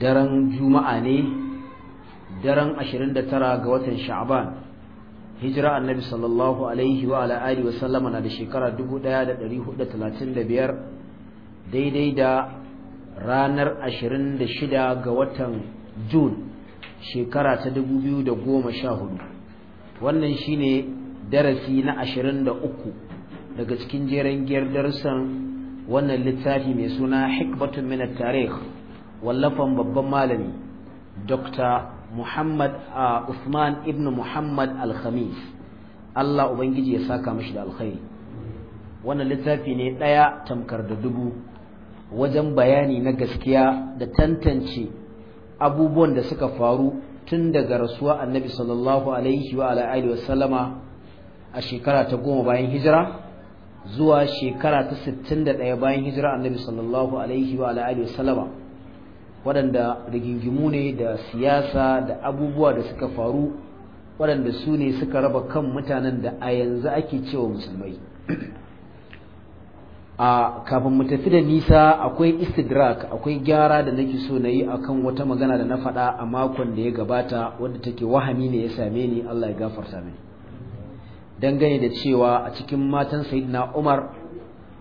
daren juma'a ne daren 29 ga watan sha'ban hijira annabi sallallahu alaihi wa ala alihi wa sallama na da shekara 1435 daidai da ranar 26 ga watan jun shekara ta 2014 wannan shine darasi na 23 daga cikin jeren giyar darussan wannan littafi mai suna hikmatun minar tarihi wallafan babban malami dr muhammad usman ibn muhammad al allah ubangiji ya saka mashi da alkhairi wannan littafi ne ɗaya tamkar da dubu wajen bayani na gaskiya da tantance abubuwan da suka faru tun daga rasuwa annabi sallallahu alaihi wa alihi wasallama a shekara ta goma bayan hijira zuwa shekara ta 61 bayan hijira annabi sallallahu alaihi wa alihi wasallama waɗanda rigingimu ne da siyasa da abubuwa da suka faru waɗanda su ne suka raba kan mutanen da a yanzu ake cewa musulmai a kafin mu tafi da nisa akwai istidrak akwai gyara da nake so na yi akan wata magana da na faɗa a makon da ya gabata wadda take wahami ne ya same ni Allah ya gafar gafarta mini dangane da cewa a cikin matan sayyidina Umar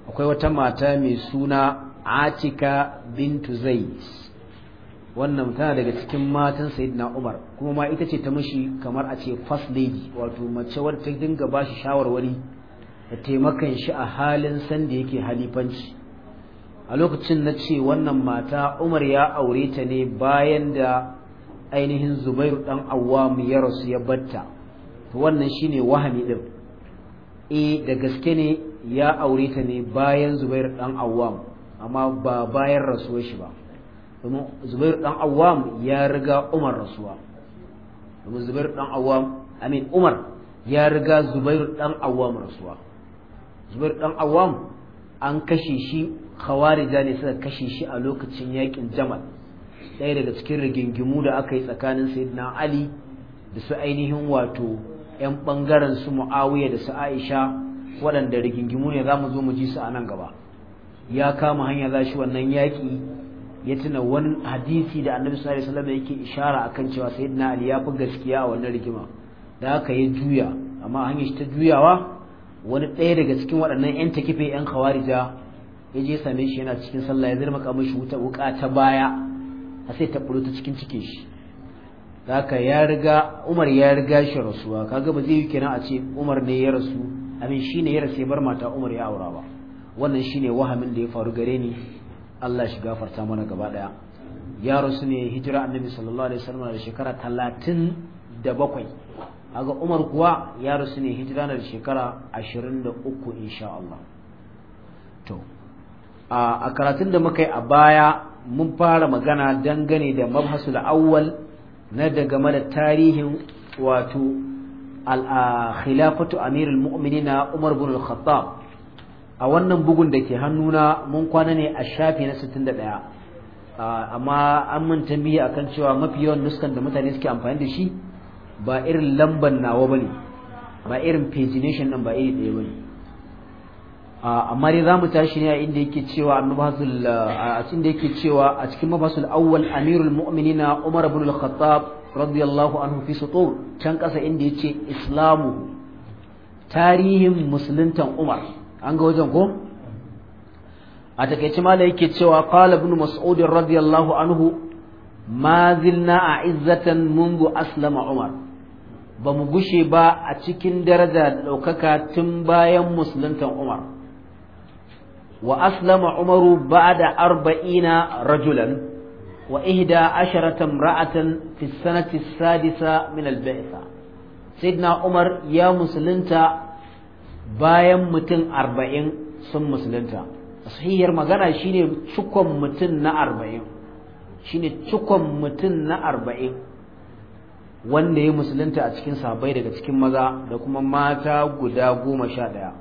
akwai wata mata mai suna Atika bintu Zaid wannan tana daga cikin matan sayyidina Umar kuma ma ita ce ta mishi kamar a ce first lady wato mace wadda ta dinga ba shi shawarwari da taimakan shi a halin san da yake halifanci a lokacin na ce wannan mata Umar ya aure ta ne bayan da ainihin Zubairu dan Awwam ya rasu ya batta to wannan shine wahami din eh da gaske ne ya aure ta ne bayan Zubairu dan Awwam amma ba bayan rasuwar shi ba domin zubair dan awam ya riga umar rasuwa domin zubair dan awam amin umar ya riga zubair dan awam rasuwa zubair dan awam an kashe shi khawarija ne suka kashe shi a lokacin yakin jamal ɗaya daga cikin rigingimu da aka yi tsakanin sayyidina ali da su ainihin wato 'yan bangaren su mu'awiya da su aisha waɗanda rigingimu ne za mu zo mu ji su a nan gaba ya kama hanya za shi wannan yaƙi ya tuna wani hadisi da annabi sallallahu alaihi wasallam yake ishara akan cewa sayyidina ali ya fi gaskiya a wannan rigima da haka ya juya amma hanyar shi ta juyawa wani ɗaya daga cikin waɗannan yan takife yan khawarija ya je same shi yana cikin sallah ya zirma kamar shi wuta wuka ta baya a sai ta furo ta cikin cikin shi da haka ya riga umar ya riga shi rasuwa kaga ba zai yi kenan a ce umar ne ya rasu amin shine ya rasu ya bar mata umar ya aura ba wannan shine wahamin da ya faru gare ni Allah shi gafarta mana gaba daya ya rasu ne hijira annabi sallallahu alaihi wasallam da shekara 37 aga Umar kuwa ya rasu ne hijira da shekara 23 insha Allah to a karatun da muka yi a baya mun fara magana dangane da mabhasul awwal na daga da tarihin wato al khilafatu amirul mu'minina Umar bin al-Khattab a wannan bugun da ke hannuna mun kwana ne a shafi na 61 amma an mun tambaye akan cewa mafi yawan nuskan da mutane suke amfani da shi ba irin lamban nawa bane ba irin pagination din ba iri ɗaya bane amma dai za mu tashi ne a inda yake cewa a cewa a cikin mafasul awwal amirul mu'minina umar ibn al-khattab radiyallahu anhu fi sutur can kasa inda yake islamu tarihin musuluntan umar an ga wajen ko a takaice mala yake cewa qala ibn mas'ud radiyallahu anhu ma zilna izzatan mungu aslama umar ba mu gushe ba a cikin daraja ɗaukaka tun bayan musuluntan umar wa aslama umaru ba'da arba'ina rajulan wa ihda asharata imra'atan fi sanati sadisa min al-ba'tha sayyidina umar ya musulunta bayan mutum arba'in sun musulunta sahihiyar magana shine cikon mutum na arba'in shine cikon mutum na arba'in wanda ya musulunta a cikin sabai daga cikin maza da kuma mata guda goma sha ɗaya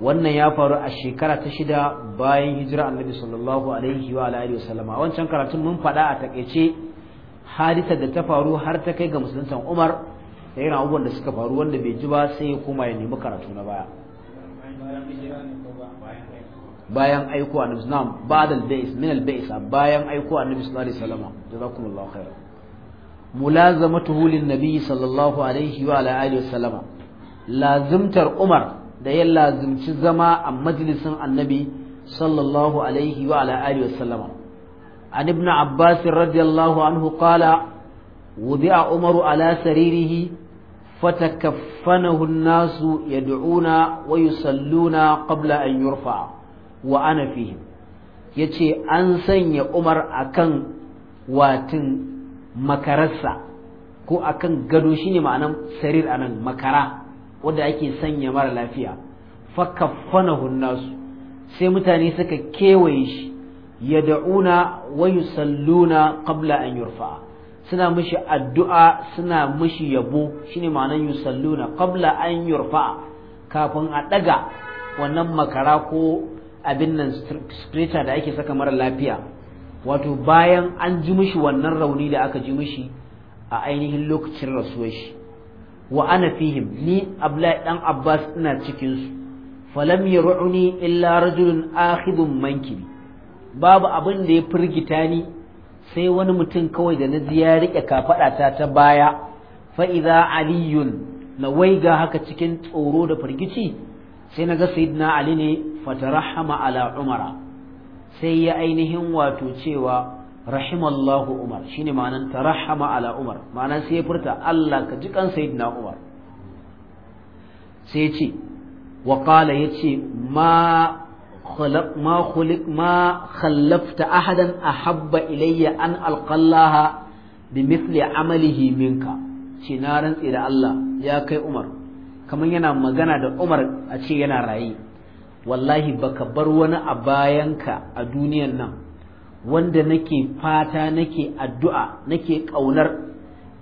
wannan ya faru a shekara ta shida bayan hijira annabi sallallahu alaihi wa alihi wancan karatun mun faɗa a takaice hadisa da ta faru har ta kai ga musuluntan umar da irin abubuwan da suka faru wanda bai ji ba sai ya koma ya nemi karatu na baya bayan aiko annabi na'am ba'dal bais min al bais bayan aiko annabi sallallahu alaihi wasallam jazakumullahu khairan mulazamatuhu lin nabi sallallahu alaihi wa ala alihi wasallam lazimtar umar da ya lazimci zama a majalisin annabi sallallahu alaihi wa ala alihi wasallam an ibn abbas radiyallahu anhu qala wudi'a umaru ala saririhi فتكفنه الناس يدعون ويصلون قبل أن يرفع وأنا فيهم yace an sanya Umar akan watin makararsa ko akan gado shine ma'anan sarir anan makara wanda ake sanya mara lafiya fa kaffanahu nasu sai mutane saka kewaye shi yad'una wa yusalluna kabla an yurfa suna mishi addu'a suna mishi yabo shine ma'anan yusalluna qabla an yurfa kafin a ɗaga wannan makara ko abin nan strata da ake saka mara lafiya wato bayan an ji mishi wannan rauni da aka ji mishi a ainihin lokacin rasuwar shi wa ana fihim ni abla dan abbas ina cikin su falam yaruni illa rajulun akhidun mankibi babu abin da ya firgita ni sai wani mutum kawai da na ji ya riƙe kafaɗata ta baya fa aliyun na waiga haka cikin tsoro da firgici sai naga ga sayyidina ali ne fatarahama ala umara sai ya ainihin wato cewa rahimallahu umar shine ma'anan tarahama ala umar ma'anan sai ya furta Allah ka ji kan sayyidina umar sai ya ce wa qala yace ma ma khalaf ta a hadan a habba ilaiyan an alƙalala da misali a amma yankanana ce na rantsu da allah ya kai umar kaman yana magana da umar a ce yana rayu wallahi baka bar wani a bayanka a duniyan nan wanda nake fata nake addu'a nake kaunar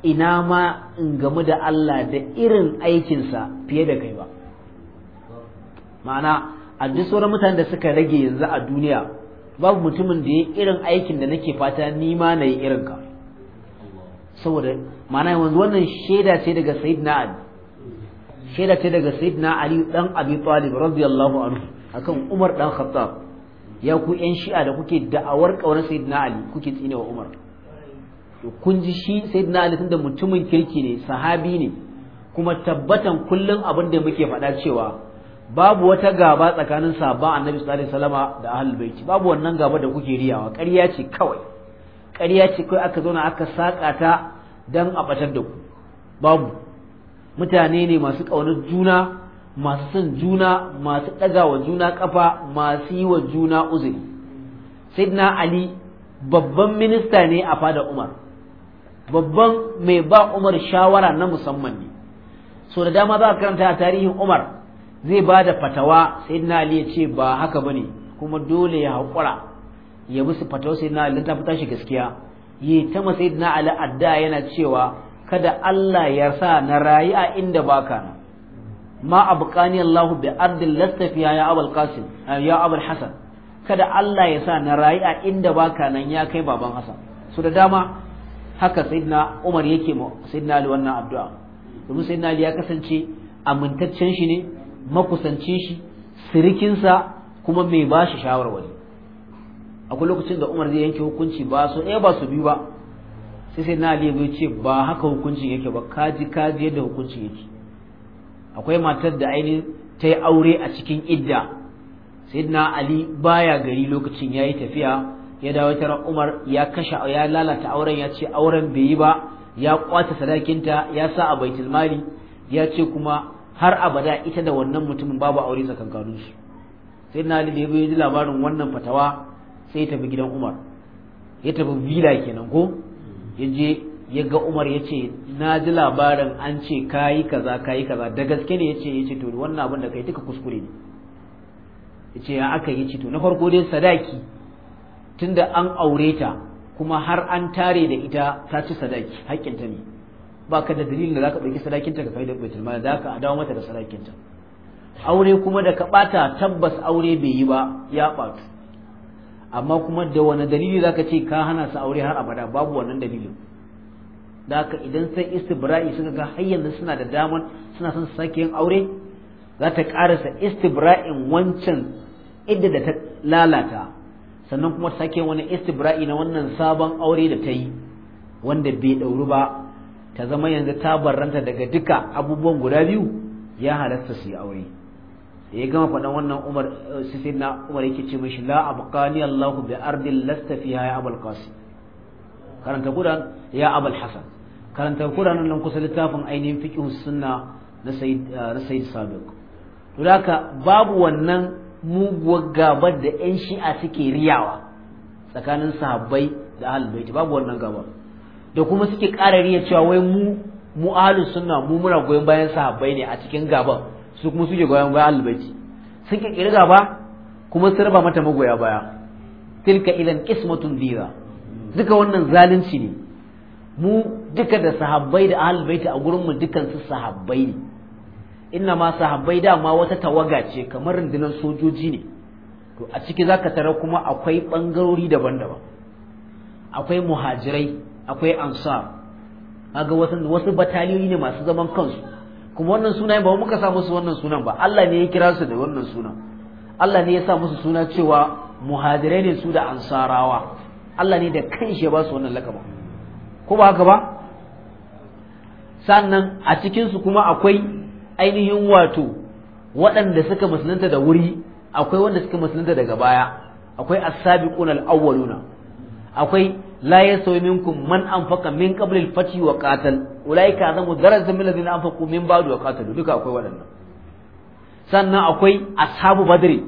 ina ma in gamu da allah da irin aikin sa fiye da kai ba. ma'ana. a duk sauran mutanen da suka rage yanzu a duniya babu mutumin da ya irin aikin da nake fata ni ma na yi irin ka saboda mana yanzu wannan shaida ce daga sayyidina ali shaida ce daga sayyidina ali dan abi talib radiyallahu anhu akan umar dan khattab ya ku yan shi'a da kuke da'awar kaunar sayyidina ali kuke tsine wa umar kun ji shi sayyidina ali tunda mutumin kirki ne sahabi ne kuma tabbatan kullum abin da muke faɗa cewa babu wata gaba tsakanin sahabban annabi sallallahu alaihi wasallam da ahlul baiti babu wannan gaba da kuke riyawa ƙarya ce kawai ƙarya ce kawai aka zauna aka saka ta dan a batar da ku babu mutane ne masu ƙaunar juna masu son juna masu ɗaga wa juna kafa masu yi wa juna uzuri sayyidina ali babban minista ne a fada umar babban mai ba umar shawara na musamman ne so da dama za a karanta a tarihin umar zai ba da fatawa sai na ya ce ba haka ba ne kuma dole ya haƙura ya musu fatawa sai na ali ta fita shi gaskiya yi ta masai na ala adda yana cewa kada Allah ya sa na rayu a inda ba ka na ma a buƙani Allah bi ardil lastafiya ya abul qasim eh, ya abul hasan kada Allah ya sa na rayu a inda ba ka nan ya kai baban hasan su da dama haka sayyidina Umar yake ma sayyidina Ali wannan addu'a domin sayyidina Ali ya kasance amintaccen shi ne makusancin shi sirikinsa kuma mai ba shi shawarwari akwai lokacin da umar zai yanke hukunci ba su ɗaya ba su biyu ba sai sai na ali bai ce ba haka hukuncin yake ba kaji kaji yadda hukuncin yake akwai matar da ainihin ta yi aure a cikin idda sayyidina ali baya gari lokacin ya yi tafiya ya dawo ta umar ya kashe ya lalata auren ya ce auren bai yi ba ya kwata sadakinta ya sa a baitulmali ya ce kuma har abada ita da wannan mutumin babu aure tsakankanin su sai na ali da ya ji labarin wannan fatawa sai ta tafi gidan umar ya tafi vila kenan ko ya je ya ga umar ya ce na ji labarin an ce kayi kaza kayi kaza da gaske ne ya ce ya ce to wannan abin da kai duka kuskure ne ya ce ya aka yi ce to na farko dai sadaki tunda an aure ta kuma har an tare da ita ta ci sadaki haƙƙinta ne ba ka da dalilin da za ka ɗauki sadakinta ka kai da baitul mal ka dawo mata da sadakinta aure kuma da ka ɓata tabbas aure bai yi ba ya ɓatu amma kuma da wani dalili za ka ce ka hana su aure har abada babu wannan dalilin da haka idan sai istibra'i suka ga har yanzu suna da daman suna son sake yin aure za ta karasa istibra'in wancan idda da ta lalata sannan kuma sake wani istibra'i na wannan sabon aure da ta yi wanda bai ɗauri ba ta zama yanzu ta barranta daga duka abubuwan guda biyu ya halatta su yi aure da ya gama faɗan wannan umar eh, sisin na umar yake ce mashi la abqani allahu bi ardin lasta ya ya abul qasim karanta kudan ya abul hasan karanta kudan nan kusa littafin ainihin fiqh sunna na sayyid eh, sabiq haka babu wannan muguwar gabar da yan shi'a suke riyawa tsakanin sahabbai da ahlul babu wannan gabar da kuma suke ƙara riya cewa wai mu mu ahlus sunna mu muna goyon bayan sahabbai ne a cikin gaban su kuma suke goyon bayan albaiti sun kirga ba kuma sun raba mata magoya baya tilka idan qismatun dira duka wannan zalunci ne mu duka da sahabbai da ahlul baiti a gurin mu dukan su sahabbai ne inna ma sahabbai dama wata tawaga ce kamar rundunar sojoji ne to a ciki zaka tara kuma akwai bangarori daban-daban akwai muhajirai akwai ansar kaga wasu wasu bataliyoyi ne masu zaman kansu kuma wannan sunayen ba muka sa musu wannan sunan ba Allah ne ya kira su da wannan sunan Allah ne ya sa musu suna cewa muhajirai ne su da ansarawa Allah ne da kanshi ya ba su wannan lakaba ko ba haka ba sannan a cikin su kuma akwai ainihin wato waɗanda suka musulunta da wuri akwai wanda suka musulunta daga baya akwai as-sabiquna awwaluna akwai la yasawi minkum man anfaqa min qabl al-fath wa qatal ulaika azamu darajatan min alladhina anfaqu min duka akwai waɗannan sannan akwai ashabu badri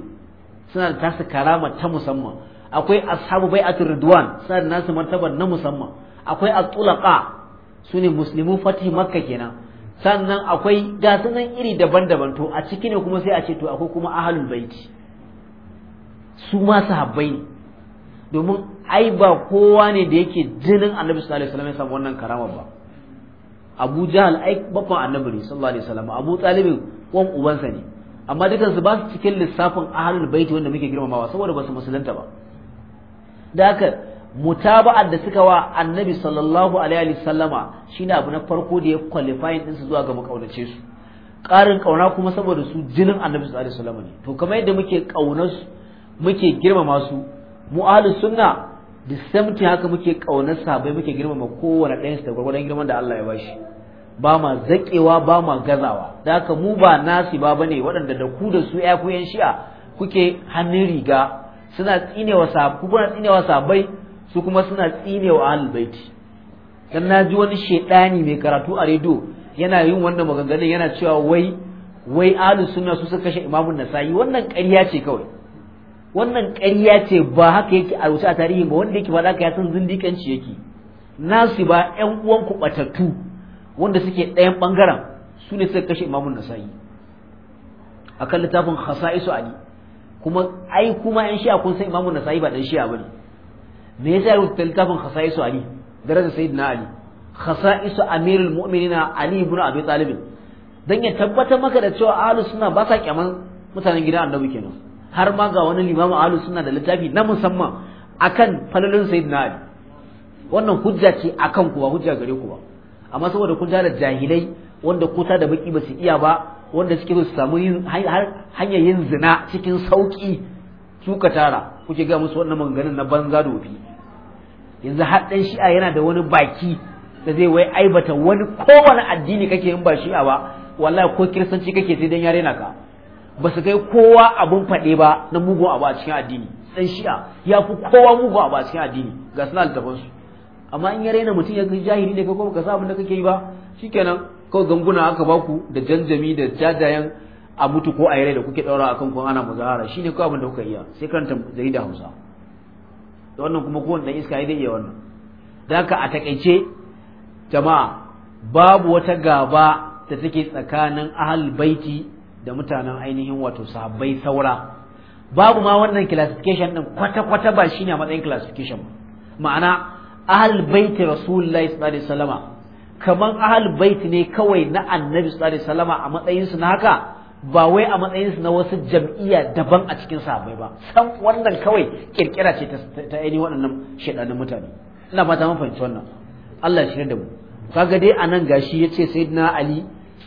suna da tasu karama ta musamman akwai ashabu bai ridwan suna da nasu martaba na musamman akwai at-tulaqa sune muslimu fatih makka kenan sannan akwai gasu nan iri daban-daban to a ciki ne kuma sai a ce to akwai kuma ahlul baiti su ma sahabbai ne domin ai ba kowa ne da yake jinin annabi sallallahu alaihi wasallam ya wannan karama ba Abu Jahal ai bakon annabi ne sallallahu alaihi wasallam Abu Talib wan ubansa ne amma dukan su ba su cikin lissafin ahlul baiti wanda muke girmamawa saboda ba su musulunta ba da haka mutaba'ar da suka wa annabi sallallahu alaihi wasallama shine abu na farko da ya qualifying din su zuwa ga makaunace su ƙarin kauna kuma saboda su jinin annabi sallallahu alaihi wasallama ne to kamar yadda muke kaunar su muke girmama su mu ahlus sunna da samti haka muke kaunar sahabbai muke girmama kowane ɗayan da gurgurdan girman da Allah ya bashi ba ma zakewa ba ma gazawa da haka mu ba nasi ba bane waɗanda da ku da su ya shi'a kuke hannun riga suna tsinewa sahabbai kuna tsinewa sahabbai su kuma suna tsinewa ahlul baiti dan ji wani shedani mai karatu a rediyo yana yin wannan maganganun yana cewa wai wai ahlus sunna su suka kashe imamun nasa'i wannan ƙarya ce kawai wannan ƙarya ce ba haka yake a wuce a tarihi ba wanda yake faɗa ka ya san zindiƙanci yake nasu ba ƴan uwan ku ɓatattu wanda suke ɗayan ɓangaren su ne suka kashe imamun nasa'i kan littafin khasa'isu ali kuma ai kuma ƴan shi'a kun san imamun nasa'i ba ɗan shi'a ne me yasa ya rubuta littafin khasa'isu ali darajar sayyidina ali khasa'isu amirul mu'minina ali ibn abi talib dan ya tabbatar maka da cewa ahlus sunna ba sa kyaman mutanen gidan annabi kenan har ma ga wani limamu ahlus sunna da littafi na musamman akan falalin sayyidina ali wannan hujja ce akan kuwa hujja gare ku ba amma saboda kun tara jahilai wanda kuta da baki ba su iya ba wanda suke su samu hanyar yin zina cikin sauki su tara kuke ga musu wannan maganganun na banza dofi yanzu har dan shi'a yana da wani baki da zai wai aibata wani kowane addini kake yin ba shi'a ba wallahi ko kiristanci kake sai dan yare na ka ba su kai kowa abun faɗe ba na mugun abu a cikin addini ɗan shi'a ya fi kowa mugun abu a cikin addini ga suna littafansu su amma in ya raina mutum ya kai jahili ne kai kuma ka sa abin da kake yi ba shikenan kawai ganguna aka baku da janjami da jajayen a mutu ko a yare da kuke daura akan kun ana muzahara shine kawai abin da kuka iya sai karanta jarida Hausa da wannan kuma kowane ɗan iska ya iya wannan da haka a takaice jama'a babu wata gaba da take tsakanin ahal baiti da mutanen ainihin wato sahabbai saura babu ma wannan classification din kwata-kwata ba shine a matsayin classification ma'ana ahal baiti rasulullahi sallallahu alaihi wasallama kaman ahal baiti ne kawai na annabi sallallahu alaihi wasallama a matsayin su na haka ba wai a matsayin su na wasu jam'iyya daban a cikin sahabbai ba san wannan kawai kirkira ce ta ainihin waɗannan shedanin mutane ina fata mun fahimci wannan Allah ya shirya da mu kaga dai anan gashi yace sayyidina ali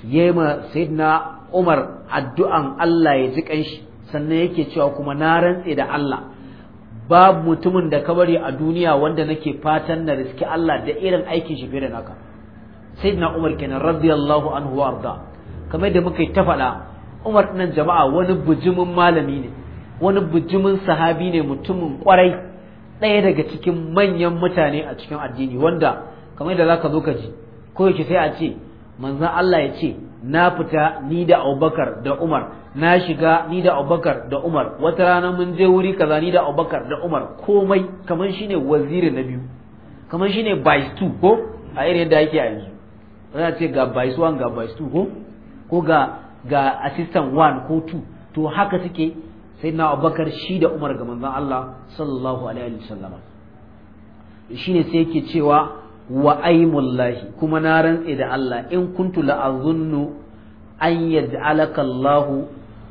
yema sayyidina Umar addu'an Allah ya ji kanshi sannan yake cewa kuma na rantse da Allah babu mutumin da ka bari a duniya wanda nake fatan na riski Allah da irin aikin shi fiye da naka sayyidina Umar kenan radiyallahu anhu warda kamar da muka ta faɗa Umar nan jama'a wani bujumin malami ne wani bujumin sahabi ne mutumin kwarai ɗaya daga cikin manyan mutane a cikin addini wanda kamar da zaka zo ka ji ko yake sai a ce manzan Allah ya ce na fita ni da Abubakar da Umar na shiga ni da Abubakar da Umar wata rana mun je wuri kaza ni da Abubakar da Umar komai kaman shine waziri na biyu kaman shine vice two ko a irin yadda yake a yanzu za ce ga vice one ga vice two ko ko ga ga assistant one ko two to haka suke sai na Abubakar shi da Umar ga manzan Allah sallallahu alaihi wasallama shine sai yake cewa wa aimullahi kuma na rantse da Allah in kuntu la azunnu an yaj'alaka Allah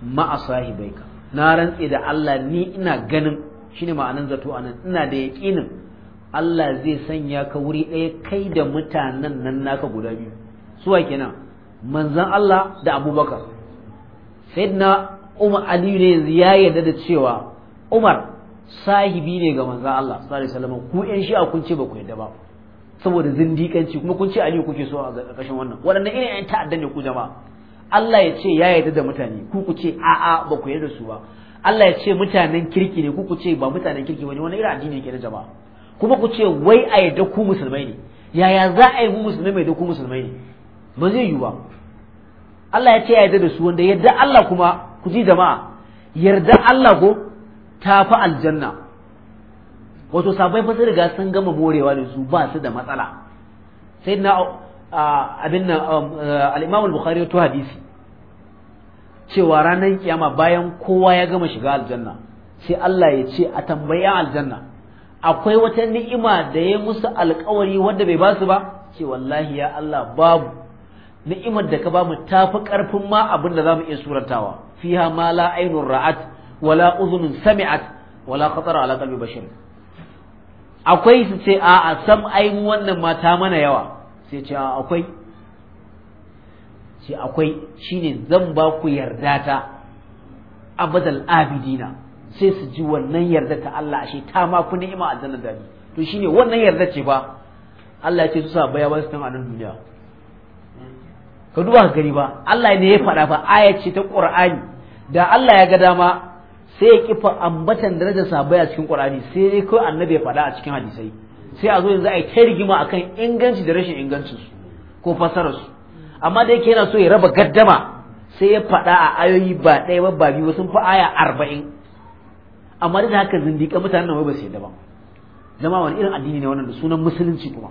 ma'a asahibaika na rantse da Allah ni ina ganin shine ma'anan zato anan ina da yaqinin Allah zai sanya ka wuri ɗaya kai da mutanen nan naka guda biyu suwa kenan manzon Allah da Abubakar sayyidina Umar Aliyu ne yanzu ya yarda da cewa Umar sahibi ne ga manzon Allah sallallahu alaihi wasallam ku ƴan shi'a kunci bakwai ba ku yarda ba saboda zindikanci kuma kun ce aliyu kuke so a ƙarƙashin wannan waɗannan irin ƴan ta'adda ne ku jama'a Allah ya ce ya yarda da mutane ku ku ce a'a ba ku yarda su ba Allah ya ce mutanen kirki ne ku ku ce ba mutanen kirki bane wani irin addini ke na jama'a kuma ku ce wai a yarda ku musulmai ne yaya za a yi mu musulmai mai da ku musulmai ne ba zai yiwu ba Allah ya ce ya yarda da su wanda yarda Allah kuma ku ji jama'a yarda Allah ko ta aljanna wato sabai fa sun riga sun gama morewa da su ba su da matsala sai na abin nan um, uh, al-Imam al-Bukhari to hadisi cewa ranar kiyama bayan kowa ya gama shiga aljanna sai Allah ya ce a tambayi aljanna akwai wata ni'ima da ya musu alkawari wanda bai basu ba ce wallahi ya Allah babu ni'imar da ka ba mu tafi karfin ma abin da zamu iya surantawa fiha ma la ainur ra'at wala udhunun sami'at wala khatara ala qalbi bashar akwai su ce a'a sam ai mu wannan mata mana yawa sai ce akwai ce akwai shine zan ba ku yarda ta abadal abidina sai su ji wannan yarda ta Allah ashe ta ma ku ni'ima aljanna dani to shine wannan yarda ce ba Allah ya ce su sa baya ba su tan a nan duniya ka duba ka gani ba Allah ne ya faɗa fa aya ce ta Qur'ani da Allah ya ga dama sai ya kifa ambatan darajar sahabbai a cikin Qur'ani sai dai kawai annabi ya faɗa a cikin hadisai sai a zo yanzu a yi ta rigima akan inganci da rashin ingancin su ko fasarar su amma da yake yana so ya raba gaddama sai ya faɗa a ayoyi ba ɗaya ba ba biyu sun fi aya arba'in amma da haka zindiƙa mutanen nan ba su yadda ba zama wani irin addini ne wannan da sunan musulunci kuma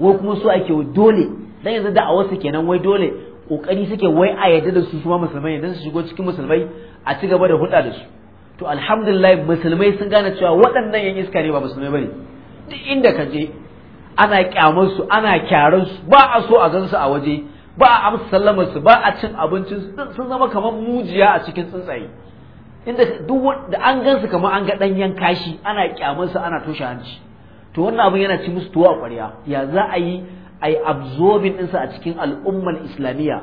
wai kuma so ake dole dan yanzu da a wasu kenan wai dole kokari suke wai a yadda da su kuma musulmai idan su shigo cikin musulmai a ci gaba da hulɗa da su to alhamdulillah musulmai sun gane cewa waɗannan yan iska ne ba musulmai bane duk inda ka je ana kyamar su ana kyaran su ba a so a gansu a waje ba a amsa sallamar su ba a cin abincin su sun zama kamar mujiya a cikin tsuntsaye inda duk da an gansu kamar an ga ɗanyen kashi ana kyamar su ana toshe hanci to wannan abin yana ci musu a ƙwarya ya za a yi ai yi absorbing ɗinsa a cikin al'ummar islamiyya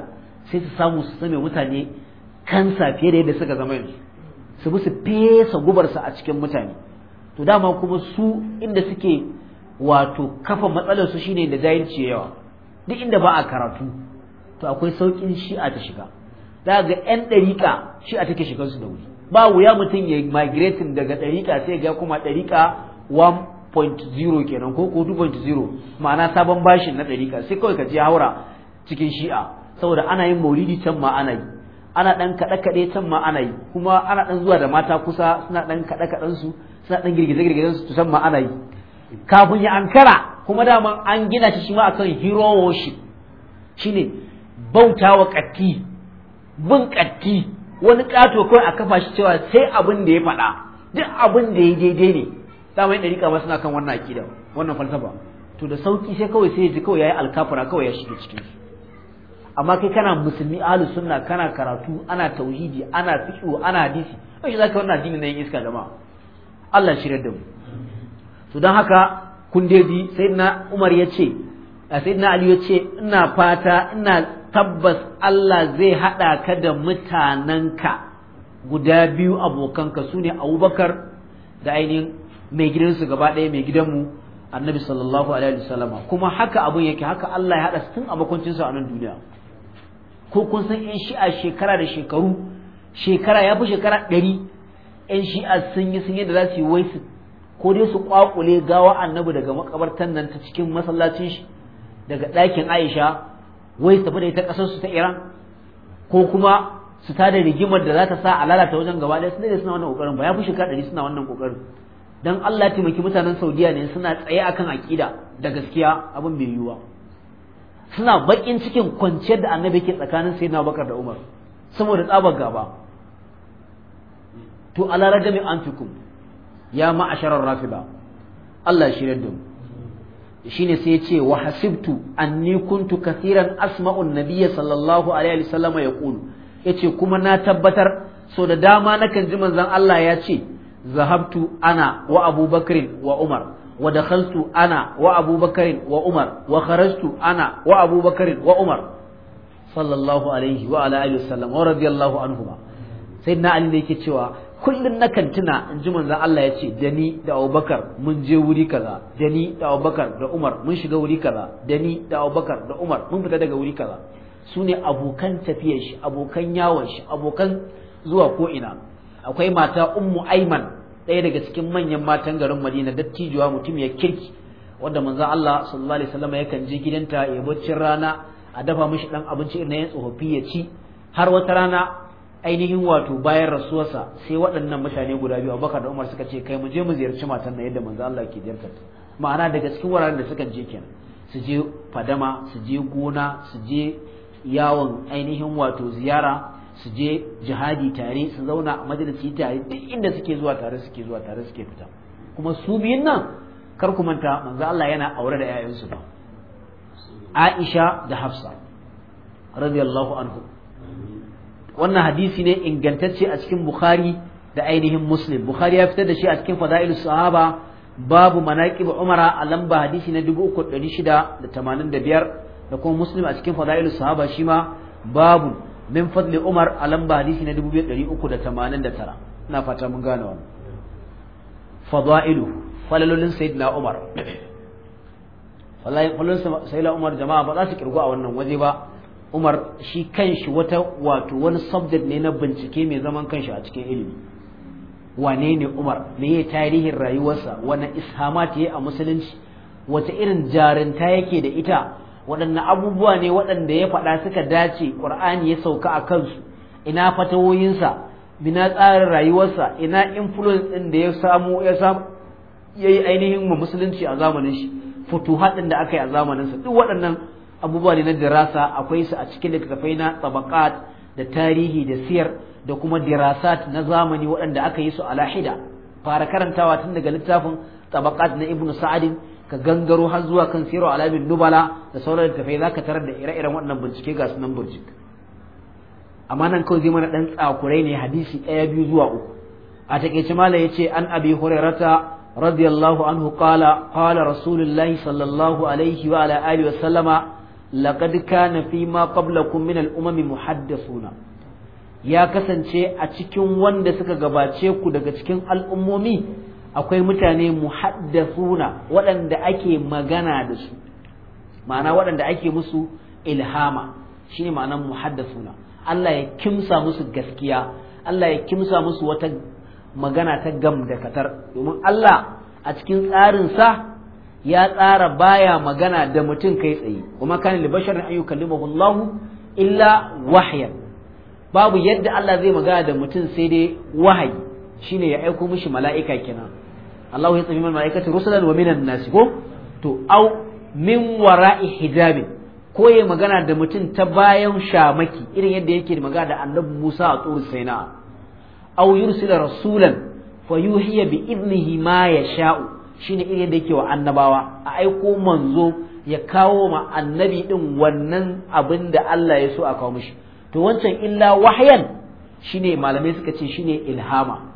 sai su samu su same mutane kansa fiye da yadda suka zama yanzu su bi su fesa gubarsa a cikin mutane to dama kuma su inda suke wato kafa matsalar su shine da zayinci yawa duk inda ba a karatu to akwai saukin shi'a ta shiga za ga yan ɗariƙa shi'a take shigar su da wuri ba wuya mutum ya migrating daga ɗariƙa sai ga kuma ɗariƙa 1.0 kenan ko 2.0 ma'ana sabon bashin na ɗariƙa sai kawai ka je haura cikin shi'a saboda ana yin maulidi can ma ana yi ana dan kaɗe kaɗe can ma ana yi kuma ana dan zuwa da mata kusa suna dan kaɗe kaɗen su suna dan girgize girgizen su can ma ana yi kafin ya ankara kuma dama an gina shi shi ma akan hero worship shine bauta wa ƙatti bin ƙatti wani ƙato kawai a kafa shi cewa sai abin da ya faɗa duk abin da ya daidai ne dama yin ɗariƙa ba suna kan wannan akida wannan falsafa to da sauki sai kawai sai ya ji kawai ya yi alkafura kawai ya shiga cikin shi amma kai kana musulmi ahlus sunna kana karatu ana tauhidi ana fiqh ana hadisi ai zaka wannan addini ne yin iska jama'a Allah shi da mu to dan haka kun daidi sayyidina Umar yace sayyidina Ali yace ina fata ina tabbas Allah zai hada ka da mutananka guda biyu abokanka sune Abubakar da ainihin mai gidansu gaba ɗaya mai gidanmu annabi sallallahu alaihi wasallama kuma haka abun yake haka Allah ya haɗa su tun abokancin su a nan duniya ko kun san yan shi'a shekara da shekaru shekara ya fi shekara ɗari yan shi'a sun yi sun yadda za su yi wai su ko dai su kwakule gawa annabi daga makabartan nan ta cikin masallacin shi daga ɗakin aisha wai su tafi da ita ƙasar su ta iran ko kuma su tada rigimar da za ta sa a lalata wajen gaba ɗaya sun suna wannan ƙoƙarin ba ya fi shekara ɗari suna wannan ƙoƙarin dan Allah taimaki mutanen Saudiya ne suna tsaye akan aƙida da gaskiya abin bai yiwuwa suna bakin cikin kwanciyar da annabi ke tsakanin sayyidina bakar da umar saboda tsabar gaba to ala ragami anfikum ya ma'asharar rafida Allah ya shirya da shine sai ya ce wa hasibtu anni kuntu kathiran asma'un nabiyya sallallahu alaihi wasallam ya ya yace kuma na tabbatar so da dama nakan ji manzon Allah ya ce zahabtu ana wa abubakar wa umar wa dakhaltu ana wa abubakar wa umar wa kharajtu ana wa abubakar wa umar sallallahu alaihi wa ala alihi wasallam wa radiyallahu anhuma sayyidina ali ne yake cewa kullum na kantina inji manzan Allah ya ce da ni da abubakar mun je wuri kaza da ni da abubakar da umar mun shiga wuri kaza da ni da abubakar da umar mun fita daga wuri kaza Sune abokan tafiyar shi abokan yawon shi abokan zuwa ko'ina. akwai mata ummu aiman ɗaya daga cikin manyan matan garin Madina dattijuwa mutum ya kirki wanda manzon Allah sallallahu alaihi wasallam yakan je gidanta ya bacci rana a dafa mishi dan abinci irin yin tsofaffi ya ci har wata rana ainihin wato bayan rasuwarsa sai waɗannan mutane guda biyu Abubakar da Umar suka ce kai mu je mu ziyarci matan nan yadda manzo Allah ke ziyarta ma'ana daga cikin wuraren da suka je kenan su je fadama su je gona su je yawon ainihin wato ziyara su je jihadi tare su zauna a majalisi tare duk inda suke zuwa tare suke zuwa tare suke fita kuma su biyun nan kar ku manta manzo Allah yana aure da ƴaƴansu ba Aisha da Hafsa radiyallahu anhu wannan hadisi ne ingantacce a cikin Bukhari da ainihin Muslim Bukhari ya fitar da shi a cikin Fadailus Sahaba babu manaqib Umara a lamba hadisi na 3685 da kuma Muslim a cikin Fadailus Sahaba shi ma babu min fadli umar a lamba hadisi na 389 ina fata mun gane wannan fadailu falalolin sayyidina umar falalolin sayyidina umar jama'a ba za su kirgu a wannan waje ba umar shi kanshi wata wato wani subject ne na bincike mai zaman kanshi a cikin ilimi wane ne umar me ya tarihin rayuwarsa wani ishamat ya a musulunci wata irin jarinta yake da ita waɗanne abubuwa ne waɗanda ya faɗa suka dace ƙur'ani ya sauka a kansu ina fatawoyinsa ina tsarin rayuwarsa ina influence ɗin da ya samu ya samu ya yi ainihin ma musulunci a zamanin shi Futu haɗin da aka yi a zamaninsa duk waɗannan abubuwa ne na dirasa akwai su a cikin littattafai na tabaqat da tarihi da siyar da kuma dirasat na zamani waɗanda aka yi su a lahida fara karantawa tun daga littafin tabaqat na ibnu sa'adin ka gangaro har zuwa kan siro alamin nubala da sauran littafai za ka tarar da ire-iren waɗannan bincike ga sunan burjik amma nan kawai zai mana ɗan tsakurai ne hadisi ɗaya biyu zuwa uku a taƙaice mala ya ce an abi hurairata radiyallahu anhu qala qala rasulullahi sallallahu alaihi wa ala alihi wa sallama laqad kana fi ma qablakum min al-umam muhaddathuna ya kasance a cikin wanda suka gabace ku daga cikin al'ummomi akwai mutane muhaddasuna waɗanda ake magana da su ma'ana waɗanda ake musu ilhama shine ma'anar muhaddasuna Allah ya kimsa musu gaskiya Allah ya kimsa musu wata magana ta gam da katar domin Allah a cikin tsarinsa ya tsara baya magana da mutum kai tsaye kuma kana libashar basharin an yukallimahu Allah illa wahyan babu yadda Allah zai magana da mutum sai dai wahayi shine ya aiko mishi mala'ika kenan Allah ya tsabi malaikati rusulan wa minan nasi ko to au min wara'i hijabin ko ya magana da mutum ta bayan shamaki irin yadda yake magana da annabi Musa a tsuri Sina au yursila rasulan fa yuhiya bi idnihi ma yasha'u shine irin yadda yake wa annabawa a aiko manzo ya kawo ma annabi din wannan abin da Allah ya so a kawo mishi to wancan illa wahyan shine malamai suka ce shine ilhama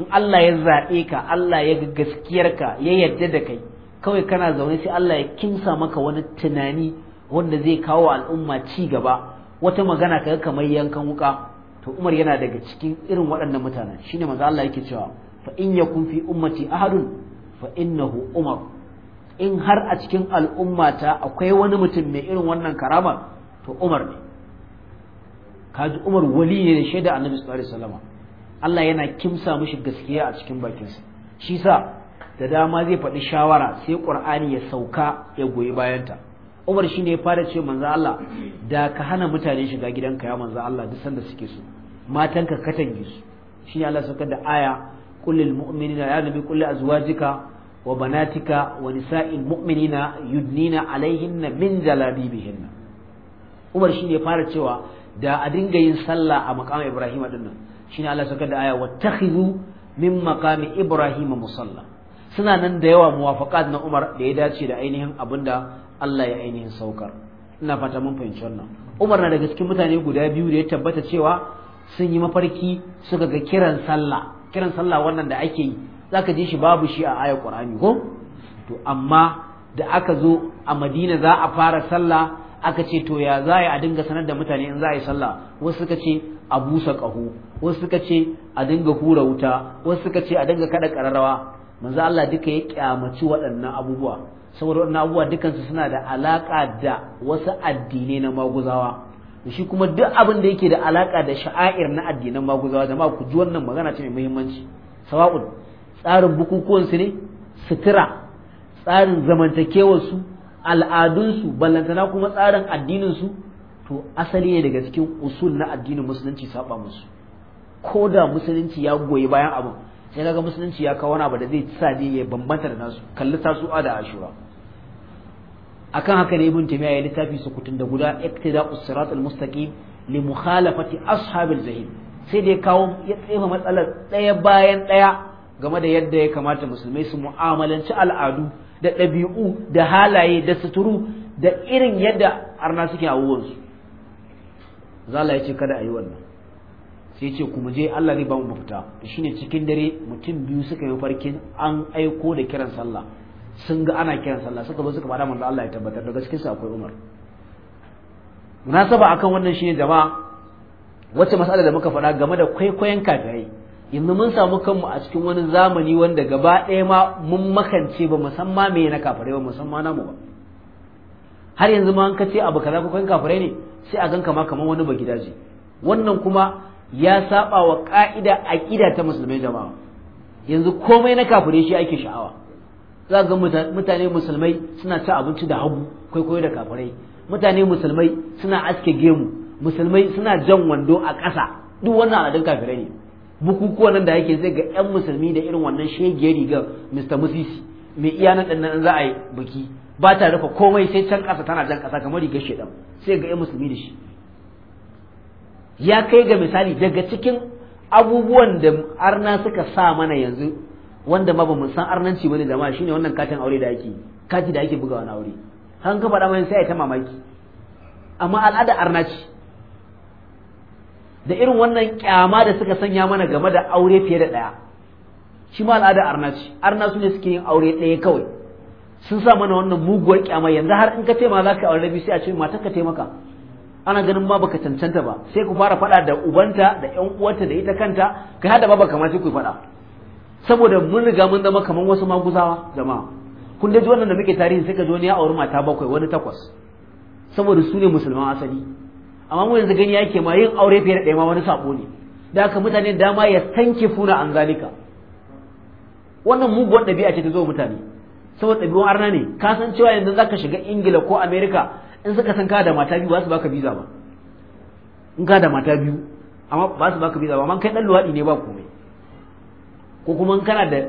in Allah ya zaɓe ka Allah ya ga gaskiyarka ya yarda da kai kawai kana zaune sai Allah ya kimsa maka wani tunani wanda zai kawo al'umma ci gaba wata magana kaga kamar yankan wuka to Umar yana daga cikin irin waɗannan mutanen shine manzo Allah yake cewa fa in yakun fi ummati ahadun fa innahu Umar in har a cikin al'ummata akwai wani mutum mai irin wannan karama to Umar ne kaji Umar wali ne da shaida Annabi sallallahu alaihi wasallam Allah yana kimsa mishi gaskiya a cikin bakinsa shi sa da dama zai faɗi shawara sai ƙur'ani ya sauka ya goyi bayanta Umar shine ya fara ce manzo Allah da ka hana mutane shiga gidanka ya manzo Allah duk sanda suke so matanka katange su Shin Allah saukar da aya kullil mu'minina ya nabi qul azwajika wa banatika wa nisa'il mu'minina yudnina alaihinna min jalabibihinna Umar shine ya fara cewa da a dinga yin sallah a makamin Ibrahim dinnan shine Allah saka da aya wattakhidhu min maqami ibrahima musalla suna nan da yawa muwafaqat na Umar da ya dace da ainihin abinda Allah ya ainihin saukar ina fata mun fahimci wannan Umar na daga cikin mutane guda biyu da ya tabbata cewa sun yi mafarki suka ga kiran sallah kiran sallah wannan da ake yi zaka ji shi babu shi a ayar Qur'ani ko to amma da aka zo a Madina za a fara sallah aka ce to ya za a dinga sanar da mutane in za a yi sallah wasu suka ce a busa ƙaho wasu suka ce a dinga hura wuta wasu suka ce a dinga kada ƙararrawa manzo Allah duka ya kyamaci waɗannan abubuwa saboda waɗannan abubuwa dukansu suna da alaƙa da wasu addinai na maguzawa shi kuma duk abin da yake da alaƙa da sha'air na addinan maguzawa jama'a ku ji wannan magana ce mai muhimmanci sawa'un tsarin bukukuwan su ne sutura tsarin zamantakewarsu al'adunsu ballantana kuma tsarin addininsu to asali ne daga cikin usul na addinin musulunci saba musu ko da musulunci ya goyi bayan abu sai kaga musulunci ya kawo abu da zai sa ne ya bambanta da nasu kalli tasu'a da ashura akan haka ne ibn taymiya ya su kutun da guda iktida usirat al-mustaqim li mukhalafati ashabil zahim sai dai ya kawo ya tsefa matsalar daya bayan daya game da yadda ya kamata musulmai su mu'amalanci al'adu da ɗabi'u da halaye da suturu da irin yadda arna suke abubuwansu zala ya ce kada a yi wannan sai ce ku muje Allah zai ba mu mafita shine cikin dare mutum biyu suka yi farkin an aiko da kiran sallah sun ga ana kiran sallah suka zo suka fada manzo Allah ya tabbatar da gaskiyar akwai Umar munasaba akan wannan shine jama'a wacce mas'ala da muka faɗa game da kwaikwayon kafirai yanzu mun samu kanmu a cikin wani zamani wanda gaba ɗaya ma mun makance ba musamman me na kafirai ba musamman namu ba har yanzu ma an kace ce abu kaza ko kan kafirai ne sai a ganka ma kamar wani bagidaje wannan kuma ya saba wa ka'ida aqida ta musulmai jama'a yanzu komai na kafirai shi ake sha'awa za ga mutane musulmai suna ci abinci da hagu kwaikwayo da kafirai mutane musulmai suna aske gemu musulmai suna jan wando a ƙasa duk wannan al'adun kafirai ne bukukuwan nan da yake zai ga 'yan musulmi da irin wannan shege rigar mr musisi mai iya nan za a yi biki ba ta rufe komai sai can ƙasa tana jan ƙasa kamar rigar shedan sai ga 'yan musulmi da shi ya kai ga misali daga cikin abubuwan da arna suka sa mana yanzu wanda ma mun san arnanci bane jama'a shine wannan katin aure da ake kati da ake buga wani aure han ka faɗa mai sai ya ta mamaki amma al'ada arna ce da irin wannan kyama da suka sanya mana game da aure fiye da ɗaya shi ma al'ada arna ce arna su ne suke yin aure ɗaya kawai sun sa mana wannan muguwar kyama yanzu har in ka tema za ka aure rabi sai a ce matan ka taimaka ana ganin ma baka cancanta ba sai ku fara faɗa da ubanta da ƴan uwarta da ita kanta kai hada ba baka ma sai ku faɗa saboda mun riga mun zama kaman wasu maguzawa jama'a kun dai wannan da muke tarihi sai ka zo ne ya auri mata bakwai wani takwas saboda su ne musulman asali amma mu yanzu gani yake ma yin aure fiye da ɗaya ma wani sabo ne da haka mutane dama ya tanke funa an zalika wannan muguwar ɗabi'a ce ta zo mutane saboda biyun arna ne ka san cewa yanzu zaka shiga ingila ko america in suka san ka da mata biyu ba su baka biza ba in ka da mata biyu amma ba su baka biza ba amma kai dan luwadi ne ba komai ko kuma in kana da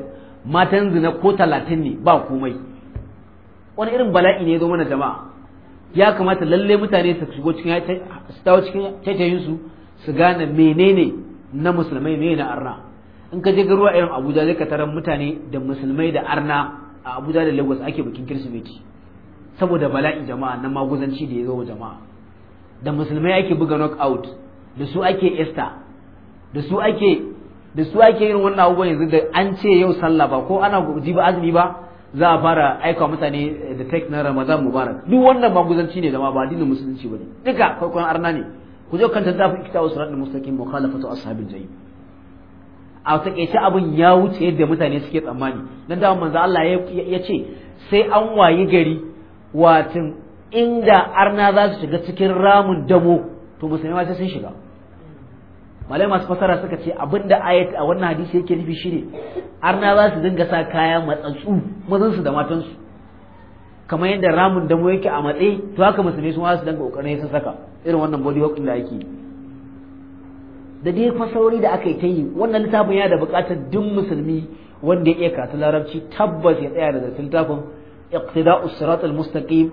matan zina ko talatin ne ba komai wani irin bala'i ne ya zo mana jama'a ya kamata lalle mutane su shigo cikin su dawo cikin taitayinsu su gane menene na musulmai menene na arna in ka je garuwa irin abuja zai ka tarar mutane da musulmai da arna a Abuja da Lagos ake bikin Kirsimeti saboda bala'in jama'a na maguzanci da ya zo jama'a da musulmai ake buga knockout da su ake Easter da su ake da su ake yin wannan abubuwan yanzu da an ce yau sallah ba ko ana ji ba azumi ba za a fara aika mutane da eh, tek na Ramadan Mubarak duk wannan maguzanci ne da ma ba dinin musulunci bane duka farkon arna ne ku je kan tattafi kitabu surat al-mustaqim mukhalafatu ashabil jayyid a takaice abin ya wuce yadda mutane suke tsammani dan da manzo Allah ya ce sai an wayi gari watin inda arna za su shiga cikin ramin damo to musulmi ma sai sun shiga malai masu fasara suka ce abinda ayat a wannan hadisi yake nufi shine arna za su dinga sa kaya matsatsu mazan su da matan su kamar yadda ramin damo yake a matsayi to haka musulmi su ma su dinga kokarin sun saka irin wannan body hook da ake da dai fasauri da aka yi ta yi wannan littafin yana da buƙatar duk musulmi wanda ya iya karatu larabci tabbas ya tsaya da zartin littafin iqtida'u sirat al-mustaqim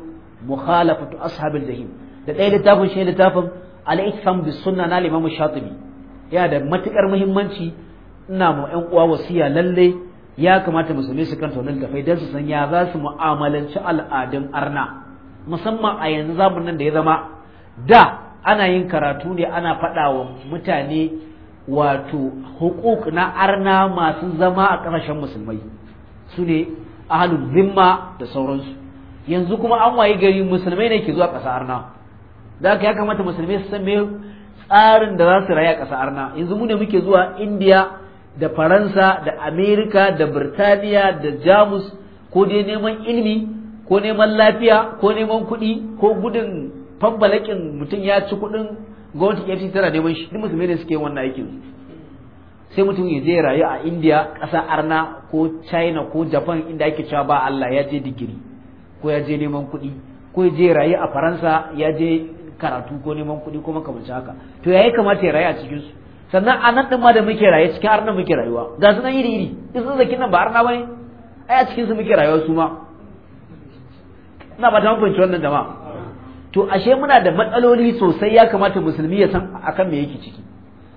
mukhalafatu ashabil jahim da ɗaya littafin shi littafin al-ihsan bis sunna na Imam Shatibi yana da matukar muhimmanci ina ma ƴan uwa wasiya lalle ya kamata musulmi su kanta wannan littafai dan su san ya za su mu'amalanci al'adun arna musamman a yanzu zamanin da ya zama da ana yin karatu ne ana faɗa wa mutane wato hukuk na arna masu zama a ƙasashen musulmai su ne ahalul zimma da sauransu yanzu kuma an waye gari musulmai ne ke zuwa ƙasa arna da haka ya kamata musulmai su san me tsarin da za su rayu a ƙasa arna yanzu mu ne muke zuwa indiya da faransa da amerika da birtaniya da jamus ko dai neman ilimi ko neman lafiya ko neman kuɗi ko gudun fabbalakin mutum ya ci kuɗin gwamnati fi tara neman shi duk musulmai ne suke wannan aikin sai mutum ya je rayu a India ƙasa Arna ko China ko Japan inda ake cewa ba Allah ya je digiri ko ya je neman kuɗi ko ya je rayu a Faransa ya je karatu ko neman kuɗi ko makamancin haka to ya kamata ya rayu a cikin su sannan a nan ɗin ma da muke rayu cikin arna muke rayuwa ga su nan iri iri in sun zaki nan ba arna ba ne ai a cikin su muke rayuwa su ma ina ba ta mafanci wannan jama'a to ashe muna da matsaloli sosai ya kamata musulmi ya san akan me yake ciki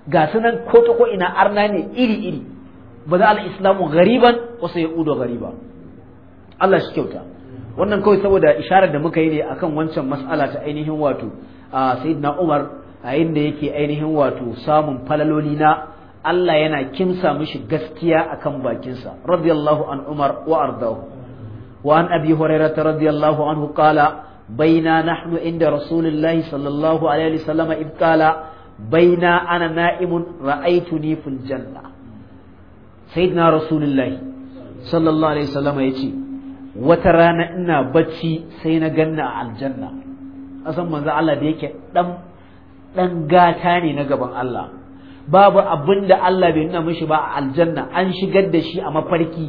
ga sunan ko ta ko ina arna ne iri iri ba za al-islamu gariban wa sayudu gariba Allah shi kyauta wannan kawai saboda isharar da muka yi ne akan wancan mas'ala ta ainihin wato sayyidina Umar a inda yake ainihin wato samun falaloli na Allah yana kimsa mishi gaskiya akan bakinsa radiyallahu an Umar wa ardahu wa an abi hurairah radiyallahu anhu qala baina nahnu inda rasulullahi sallallahu alaihi wasallam id qala baina ana na'imun ra'aytuni fil janna sayyidina rasulullahi sallallahu alaihi wasallam yace wata rana ina barci sai na ganna a aljanna asan manzo Allah da yake ɗan dan gata ne na gaban Allah babu abin da Allah bai nuna mishi ba a aljanna an shigar da shi a mafarki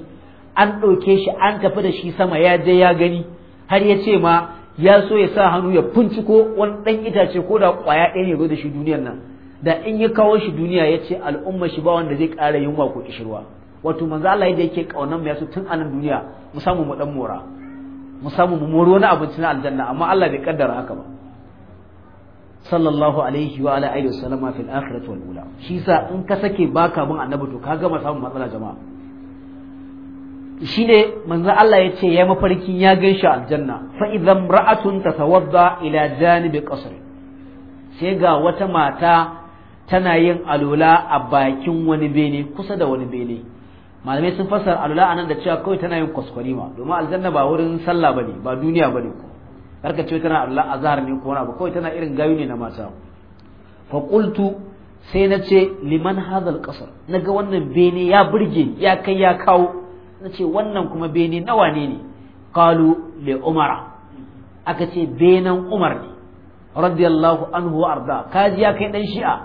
an ɗauke shi an tafi da shi sama ya je ya gani har ya ce ma ya so ya sa hannu ya finciko wani ɗan itace ko da ƙwaya ɗaya ne zo da shi duniyar nan da in ya kawo shi duniya ya ce al'umma shi ba wanda zai ƙara yunwa ko kishirwa wato manzo Allah yadda yake ƙaunar mu ya so tun anan duniya mu samu mu dan mora mu samu mu moro na abinci na aljanna amma Allah bai kaddara haka ba sallallahu alaihi wa ala alihi wasallama fil akhirati wal ula shi sa in ka sake baka bin annabi to ka gama samun matsala jama'a Shi ne manzo Allah ya ce ya mafarki ya gan shi aljanna fa idan ra'atun tatawadda ila janibi qasr sai ga wata mata tana yin alula a bakin wani bene kusa da wani bene malamai sun fassara alula anan da cewa kawai tana yin ma domin aljanna ba wurin sallah bane ba duniya bane ko karka ce tana alula azhar ne ko ba kawai tana irin gayu ne na mata fa qultu sai na ce liman hadha al-qasr naga wannan bene ya burge ya kai ya kawo na ce wannan kuma bene nawa ne ne kalu le Umar. aka ce benen umar ne radiyallahu anhu arda ka ji ya kai dan shi'a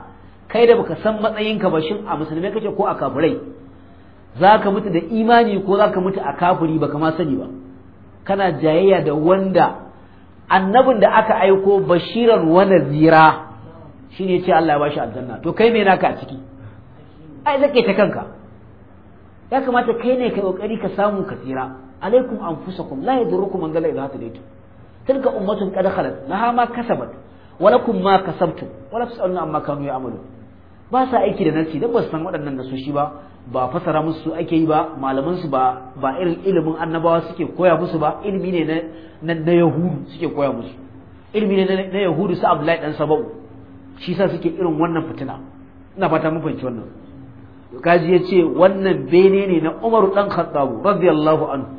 kai da baka san matsayinka ba shin a musulmai kake ko a kafirai zaka mutu da imani ko zaka mutu a kafiri baka ma sani ba kana jayayya da wanda annabin da aka aiko bashiran wani zira shine ya ce Allah ya bashi aljanna to kai me naka a ciki ai zake ta kanka ya kamata kai ne kai kokari ka samu ka tsira alaikum anfusakum la yadurukum man galla idha hadaytum tilka ummatun qad khalat laha ma kasabat wa lakum ma kasabtum wa la tusaluna amma kanu ya'malun ba sa aiki da nasi dan ba su san waɗannan shi ba ba fasara musu ake yi ba malaman su ba ba irin ilimin annabawa suke koya musu ba ilimi ne na na yahudu suke koya musu ilimi ne na yahudu su abdullahi dan sabau shi sa suke irin wannan fitina ina fata mun fahimci wannan to ya yace wannan bene ne na Umar dan khattabu radiyallahu anhu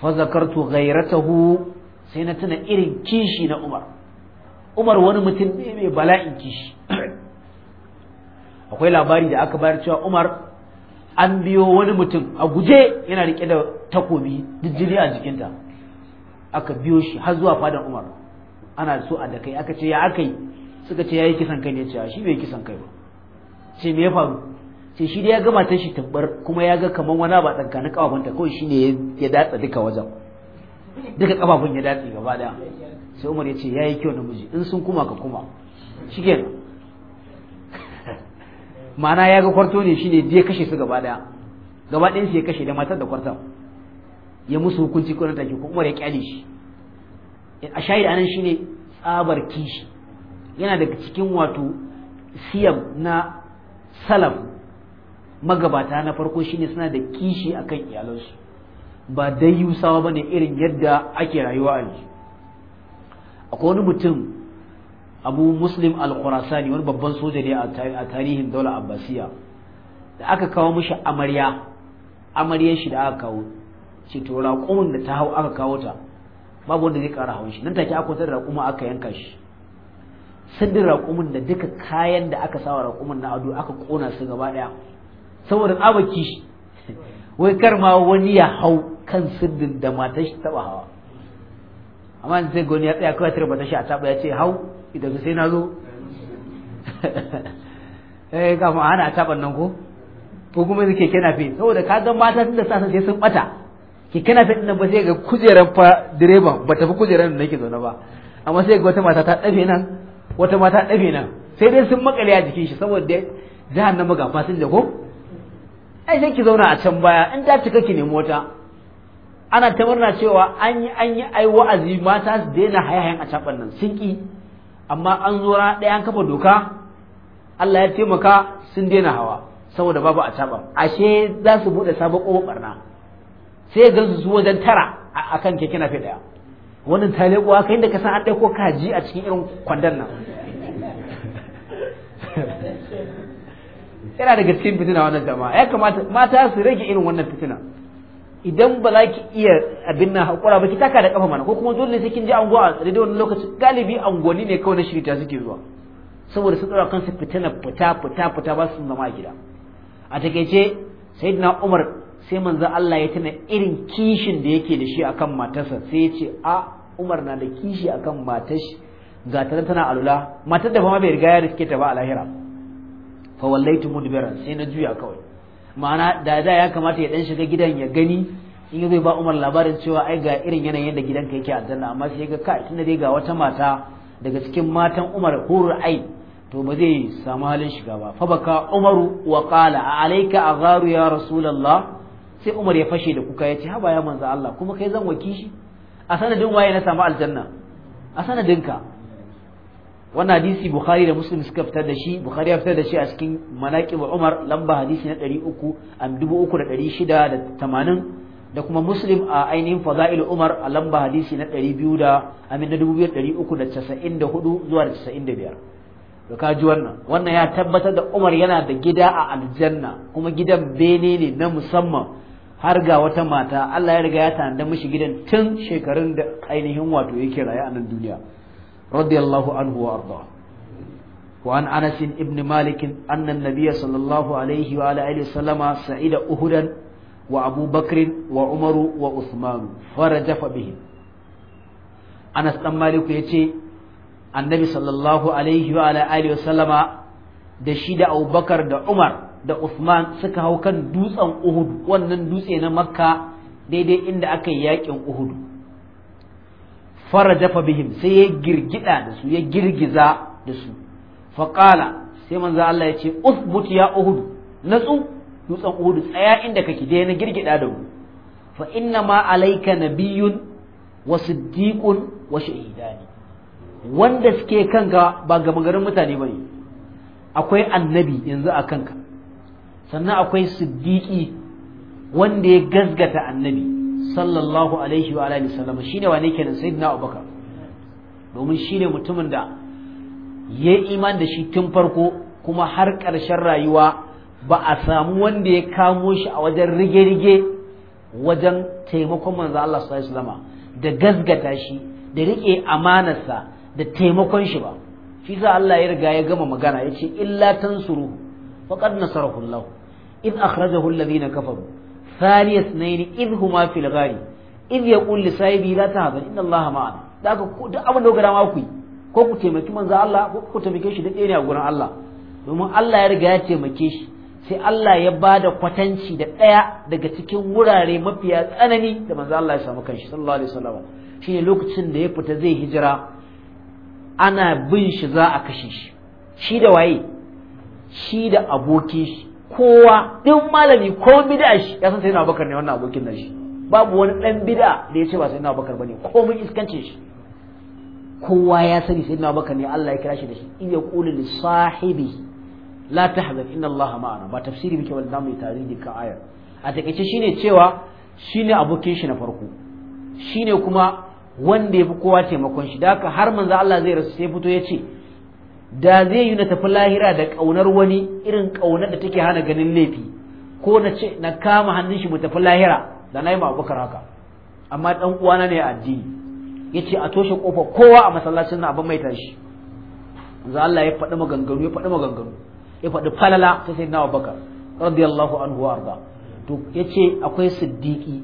fa zakartu ghairatahu sai na tuna irin kishi na Umar Umar wani mutum ne mai bala'in kishi akwai labari da aka bayar cewa Umar an biyo wani mutum a guje yana rike da takobi jijjiri a jikinta aka biyo shi har zuwa fadan Umar ana so a da kai aka ce ya akai suka ce ya yi kisan kai ne cewa shi bai kisan kai ba ce me ya faru sai shi ya gama ta shi tabbar kuma ya ga kaman wani ba tsankanin kafafun ko kawai shine ya datsa duka wajen duka kafafun ya datsa gaba daya sai Umar ya ce ya yi kyau namiji in sun kuma ka kuma shikenan ma'ana ya ga kwarto ne shine ya kashe su gaba daya gaba ɗin su ya kashe da matar da kwartan ya musu hukunci ko na take ko Umar ya kyale shi a shayi anan shine tsabar kishi yana daga cikin wato siyam na salaf magabata na farko shine suna da kishi akan iyalansu ba dai ba ne irin yadda ake rayuwa a yanzu akwai wani mutum abu muslim al-khurasani wani babban soja ne a tarihin daula abbasiya da aka kawo mishi amarya amaryar shi da aka kawo ce to raƙumin da ta hau aka kawo ta babu wanda zai ƙara hawan shi nan take aka kwatar raƙuma aka yanka shi sandin raƙumin da duka kayan da aka sawa raƙumin na ado aka kona su gaba ɗaya saboda tsaba kishi wai kar ma wani ya hau kan sirdin da matar shi taba hawa amma sai goni ya tsaya kawai tare ta shi a taba ya ce hau idan sai na zo eh ga mu ana taban nan ko ko kuma zai keke nafe saboda ka ga mata tun da sasa sai sun bata keke nafe din nan ba sai ga kujeran fa direban ba tafi kujeran da nake zaune ba amma sai ga wata mata ta dafe nan wata mata ta dafe nan sai dai sun makale a jikin shi saboda jahannama ga da ko ai sai ki zauna a can baya in ta cika ki nemi wata ana ta murna cewa an yi an yi ai wa'azi mata su daina hayayen a caban nan sun ki amma an zo rana ɗaya an kafa doka Allah ya taimaka sun daina hawa saboda babu a caban ashe za su buɗe sabon ƙofar barna sai ga su wajen tara a kan keke na ɗaya wannan ta leƙuwa kai da ka san an ɗauko kaji a cikin irin kwandon nan yana daga cikin fitina wannan jama'a ya kamata mata su rage irin wannan fitina idan ba za ki iya abin na hakura ba ki taka da kafa mana ko kuma dole sai kin ji anguwa a tsare wani lokaci galibi anguwanni ne kawai na shirita suke zuwa saboda su tsara kansu fitina fita fita fita ba su zama a gida a takaice sayyidina umar sai manzo Allah ya tana irin kishin da yake da shi akan matarsa sai ya ce a umar na da kishi akan matar shi ga tana alula matar da fama bai riga ya riske ta ba a lahira fa wallaitu mudbiran sai na juya kawai ma'ana da da ya kamata ya dan shiga gidan ya gani in ya zai ba Umar labarin cewa ai ga irin yanayin da gidanka yake aljanna amma sai ga kai tunda dai ga wata mata daga cikin matan Umar hurur ai to ba zai samu halin shiga ba fa baka Umar wa qala alayka agharu ya rasulullah sai Umar ya fashe da kuka yace haba ya manzo Allah kuma kai zan waki shi a sanadin waye na samu aljanna a sanadin ka. wannan hadisi bukhari da muslim suka fitar da shi bukhari ya fitar da shi a cikin manaqib umar lamba hadisi na 300 am 3680 da kuma muslim a ainihin fadail umar a lamba hadisi na 200 da amin na 2394 zuwa 95 da ka ji wannan wannan ya tabbatar da umar yana da gida a aljanna kuma gidan bene ne na musamman har ga wata mata Allah ya riga ya tanda mishi gidan tun shekarun da ainihin wato yake raye a nan duniya radiyallahu anhu wa arda wa an anas ibn malik anna nabiy sallallahu alaihi wa ala alihi sallama sa'ida uhud wa abu wa umar wa usman fa raja fa bihi anas dan malik annabi sallallahu alaihi wa ala da shi da abu bakar da umar da usman suka hau kan dutsen uhud wannan dutse na makka daidai inda akai yakin uhud farajafa bihim sai ya girgida da su ya girgiza da su faƙala sai manzo Allah ya ce uthbut ya uhud natsu dutsen uhud tsaya inda kake dai na girgida da mu fa inna ma alayka nabiyyun wa siddiqun wa shahidani wanda suke kanka ba ga magarin mutane bane akwai annabi yanzu a kanka sannan akwai siddiqi wanda ya gazgata annabi sallallahu alaihi wa alihi wasallam shine wane kenan sayyidina abubakar domin shine mutumin da ya iman da shi tun farko kuma har ƙarshen rayuwa ba a samu wanda ya kamo shi a wajen rige-rige wajen taimakon manzo Allah sallallahu alaihi wasallam da gazgata shi da rike amanarsa da taimakon shi ba shi sa Allah ya riga ya gama magana yace illa tansuru faqad nasarahu Allah id akhrajahu alladhina kafaru ثاني اثنين اذ هما في الغار اذ يقول لصاحبه لا تهزن ان الله معنا da abin da دوغرا ماكو ku yi ko ku taimaki manzo Allah ko ku taimake shi da ɗaya ne a gurin Allah domin Allah ya riga ya taimake shi sai Allah ya ba da kwatanci da daya daga cikin wurare mafiya tsanani da manzo Allah ya samu kanshi sallallahu alaihi wasallam shine lokacin da ya fita zai hijira ana bin shi za a kashe shi shi da waye shi da abokin shi kowa duk malami ko bid'a shi ya san sai na bakar ne wannan abokin nashi babu wani dan bid'a da ya ce ba sai na bakar bane ko mun iskance shi kowa ya sani sai na bakar ne Allah ya kira shi da shi iya qulu li sahibi la tahzan inna Allah ma'ana ba tafsiri muke wanda mu tarihi ka ayar a takeice shine cewa shine abokin shi na farko shine kuma wanda ya fi kowa taimakon shi da haka har manzo Allah zai rasu sai fito ya ce da zai yi na tafi lahira da ƙaunar wani irin ƙaunar da take hana ganin laifi ko na ce na kama hannun shi mu tafi lahira da na yi ma abubakar haka amma ɗan uwana ne a addini ya ce a toshe ƙofa kowa a masallacin na abin mai tashi yanzu Allah ya faɗi maganganu ya faɗi maganganu ya faɗi falala ta sai na abubakar radiyallahu anhu wa arda to ya ce akwai siddiƙi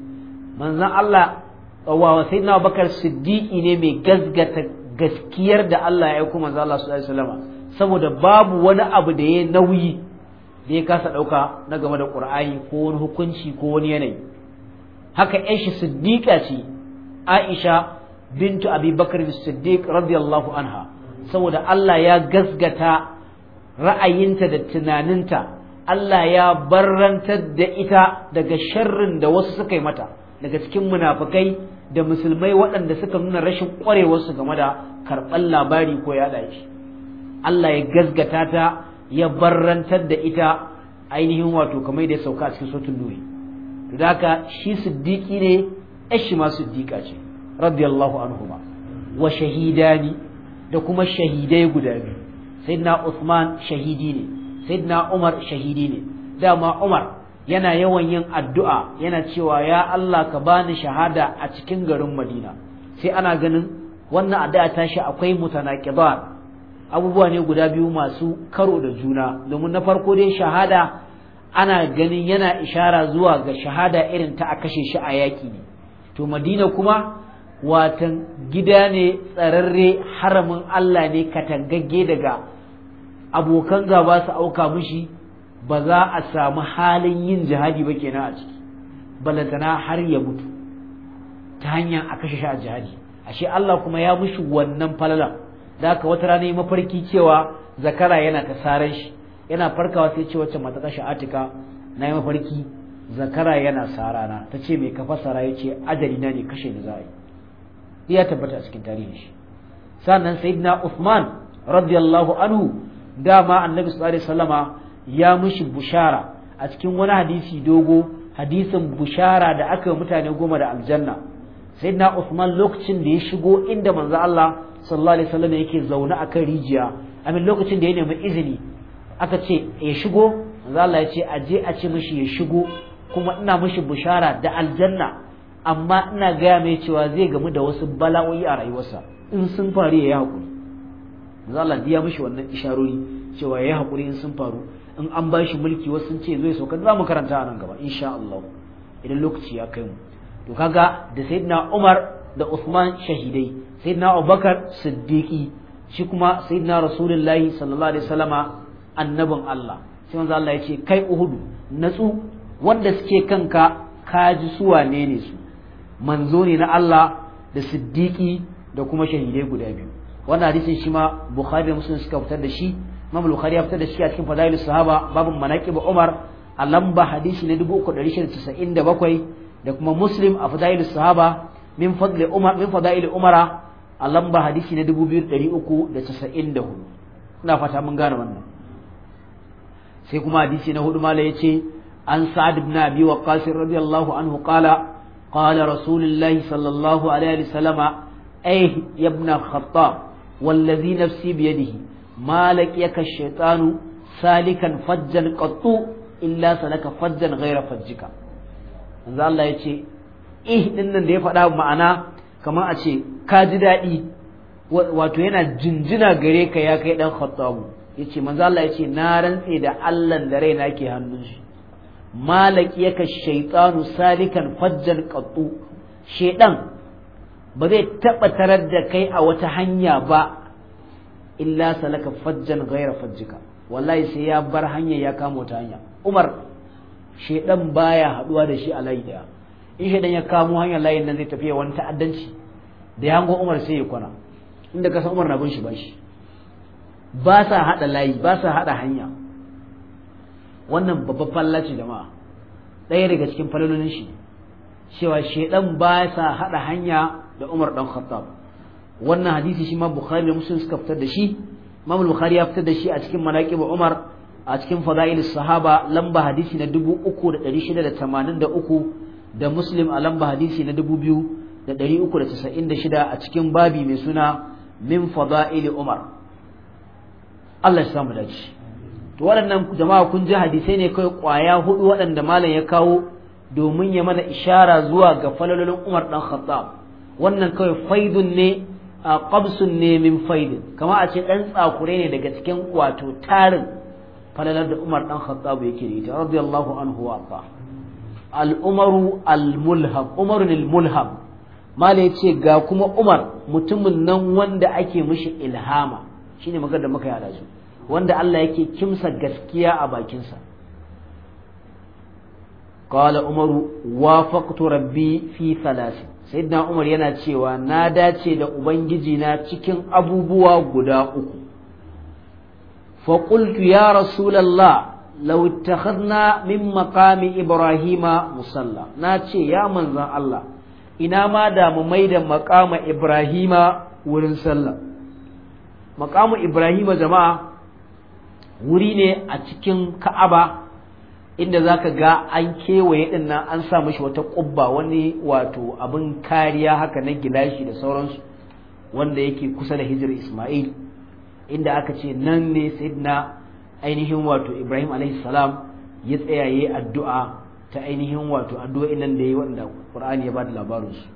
manzan Allah wa sai na abubakar siddiƙi ne mai gazgata gaskiyar da Allah ya aiko manzo Allah su saboda babu wani abu da ya nauyi da ya kasa ɗauka na game da ƙur'ani ko wani hukunci ko wani yanayi haka su Siddiqa ce Aisha bintu Abi su Siddiq radiyallahu anha saboda Allah ya gasgata ra'ayinta da tunaninta Allah ya barrantar da ita daga sharrin da wasu suka yi mata daga cikin munafukai da musulmai waɗanda suka nuna rashin ƙwarewarsu game da karɓar labari ko yaɗa shi Allah ya gazgata ta ya barrantar da ita ainihin wato kamar da ya sauka a cikin sautin nuri to haka shi siddiƙi ne ashi ma siddiqa ce radiyallahu anhuma wa shahidani da kuma shahidai guda biyu sayyidina Usman shahidi ne sayyidina Umar shahidi ne dama Umar yana yawan yin addu'a yana cewa ya Allah ka bani shahada a cikin garin Madina sai ana ganin wannan addu'a tashi akwai mutanaqibat abubuwa ne guda biyu masu karo da juna domin na farko dai shahada ana ganin yana ishara zuwa ga shahada irin ta a kashe shi a yaƙi ne to Madina kuma watan gida ne tsararre haramin Allah ne katangagge daga abokan gaba su auka mushi ba za a samu halin yin jihadi ba kenan a ciki balantana har ya mutu ta hanyar a kashe shi a jihadi ashe Allah kuma ya mushi wannan falala da ka wata rana yi mafarki cewa zakara yana ta saran shi yana farkawa sai ce wacce mata kashe Atika na yi mafarki zakara yana sarana ta ce mai kafa sara ya ce ajali na ne kashe da za a yi ya tabbata a cikin tarihin shi sannan sayyidina Uthman radiyallahu anhu dama annabi sallallahu alaihi wasallama ya mushi bushara a cikin wani hadisi dogo hadisin bushara da aka mutane goma da aljanna Sai na Uthman lokacin da ya shigo inda manzo Allah sallallahu alaihi wasallam yake zaune a kan rijiya amin lokacin da ya nemi izini aka ce ya shigo manzo Allah ya ce je a ce mishi ya shigo kuma ina mishi bushara da aljanna amma ina gaya mai cewa zai gamu da wasu bala'o'i a rayuwarsa in sun faru ya yi haƙuri manzo Allah ya mishi wannan isharori cewa ya yi haƙuri in sun faru in an ba shi mulki wasu sun ce zai sauka za mu karanta nan gaba insha Allah idan lokaci ya kai mu to kaga da sayyidina Umar da Uthman shahidai sayyidina Abubakar siddiqi shi kuma sayyidina Rasulullahi sallallahu alaihi wasallama annabin Allah sai manzo Allah ya ce kai uhudu natsu wanda suke kanka ka ji su wane ne su manzo ne na Allah da siddiqi da kuma shahidai guda biyu wannan hadisin shi ma Bukhari da Muslim suka fitar da shi Imam Bukhari ya fitar da shi a cikin Fadail Sahaba babun manaqib Umar a lamba hadisi na 3697 da kuma Muslim a Fadail Sahaba min fadli Umar min fadail Umara a lamba hadisi na 2394 ina fata mun gane wannan sai kuma hadisi na hudu mala yace an Sa'ad ibn Abi Waqqas radiyallahu anhu qala qala Rasulullah sallallahu alaihi wasallam eh, ay ibn al-Khattab والذي نفسي بيده مالك yaka الشيطان salikan fajjan قط illa سلك fajjan غير fajjika manzo Allah ya din nan da ya faɗa ma'ana kamar a ce daɗi wato yana jinjina gare ka ya kai dan khattabu yace manzo Allah yace na rantse da Allah da raina ke hannun shi malaki yaka shaytanu salikan fajjan qattu shedan bazai zai taba tarar da kai a wata hanya ba illa salaka fajjan ghaira fajjika wallahi sai ya bar hanya ya kama ta hanya umar shedan baya haduwa da shi a layi daya in shedan ya kamo hanyar layin nan zai tafiya wani ta'addanci da ya umar sai ya kwana inda ka san umar na bin shi ba shi ba sa hada layi ba sa hada hanya wannan babban fallaci da jama'a ɗaya daga cikin fallolin shi cewa shedan ba sa hada hanya da umar dan khattab wannan hadisi shi ma bukhari da muslim suka fitar da shi imam bukhari ya fitar da shi a cikin manaqib umar a cikin Fadailu sahaba lamba hadisi na 3683 da muslim a lamba hadisi na 2396 a cikin babi mai suna min Fadailu umar Allah ya samu dace to waɗannan jama'a kun ji hadisai ne kai kwaya hudu waɗanda malam ya kawo domin ya mana ishara zuwa ga falalolin Umar dan Khattab wannan kawai faidun ne a qabsun ne min faidin kama a ce dan tsakure ne daga cikin wato tarin falalar da Umar dan Khattab yake da ita radiyallahu anhu wa ta al umaru al mulham umaru al mulham mala yace ga kuma Umar mutumin nan wanda ake mishi ilhama shine magana da muka yi alazu wanda Allah yake kimsa gaskiya a bakinsa قال عمر وافقت ربي في ثلاث sayyidina umar yana cewa na dace da ubangiji na cikin abubuwa guda uku fa qultu ya rasulullah law min maqami ibrahima musalla na ce ya manzan Allah ina ma da mu maida maqama ibrahima wurin sallah maqamu ibrahima jama'a wuri ne a cikin ka'aba inda zaka ga an kewaye din nan an sa mashi wata kubba wani wato abin kariya haka na gilashi da sauransu wanda yake kusa da hijir Ismail inda aka ce nan ne sayyidina ainihin wato Ibrahim alaihi salam ya tsayaye addu'a ta ainihin wato addu'o'in nan da yayi wanda Qur'ani ya bada labarin su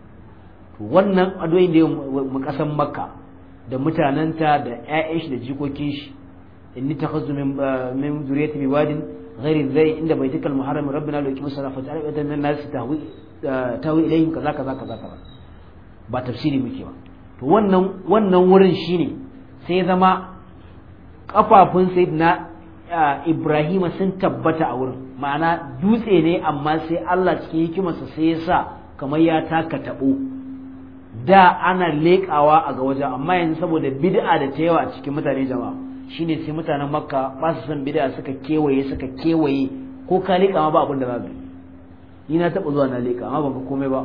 to wannan addu'o'in da mu kasan Makka da mutananta da ƴaƴan shi da jikokin shi inni takhazzu min min zuriyati biwadin غير الذي عند بيتك المحرم ربنا لو يكمل الصلاة فاجعل أيدينا الناس تهوي تهوي إليهم كذا كذا كذا كذا ba tafsiri muke ba to wannan wannan wurin shine sai zama kafafun sayyidina Ibrahima sun tabbata a wurin ma'ana dutse ne amma sai Allah cikin hikimarsa sai ya sa kamar ya taka tabo da ana leƙawa a ga waje amma yanzu saboda bid'a da ta yawa a cikin mutane jama'a shine sai mutanen makka ba su san bid'a suka kewaye suka kewaye ko ka lika ma ba abin da za ni na taba zuwa na lika amma ban komai ba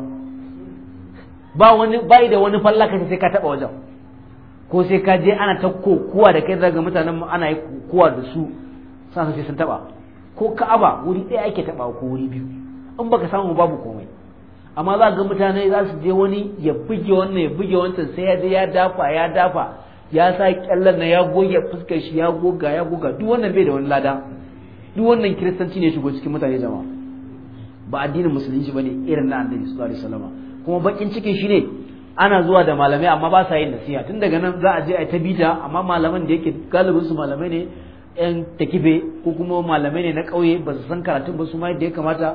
ba wani bai da wani fallaka sai ka taba wajen ko sai ka je ana ta kokuwa da kai zaga mutanen mu ana yi kowa da su sa sai sun taba ko ka aba wuri ɗaya ake taba ko wuri biyu in baka samu babu komai amma za ga mutane za su je wani ya buge wannan ya buge wancan sai ya je ya dafa ya dafa ya sa kyallar na ya goge fuskar shi ya goga ya goga duk wannan bai da wani lada duk wannan kiristanci ne shigo cikin mutane jama'a ba addinin musulunci bane irin na annabi sallallahu alaihi wasallam kuma bakin cikin shi ne ana zuwa da malamai amma ba sa yin nasiha tun daga nan za a je a ta bita amma malaman da yake galibin su malamai ne yan takife ko kuma malamai ne na ƙauye ba su san karatun ba su ma yadda ya kamata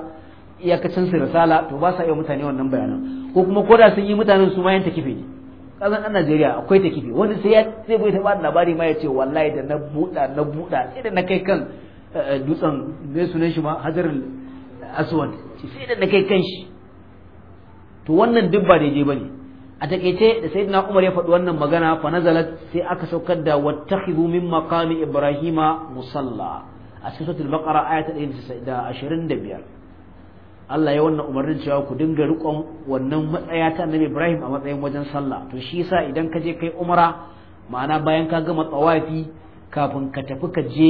iyakacin su risala to ba sa yi mutane wannan bayanan ko kuma koda sun yi mutanen su ma yan takife ne kazan ɗan Najeriya akwai ta kifi wani sai ya sai bai taɓa labari ma ya ce wallahi da na buɗa na buɗa sai da na kai kan eh, dutsen mai sunan shi ma hajar aswad sai da na kai kan shi to wannan duk ba daidai bane a takeice da sayyidina Umar ya faɗi wannan magana fa nazalat sai aka saukar da wattakhidhu min maqami ibrahima musalla a cikin suratul baqara ayat 125 Allah ya wannan umarnin cewa ku dinga riƙon wannan matsaya ta Annabi Ibrahim a matsayin wajen sallah to shi yasa idan ka je kai umara ma'ana bayan ka gama tsawafi kafin ka tafi ka je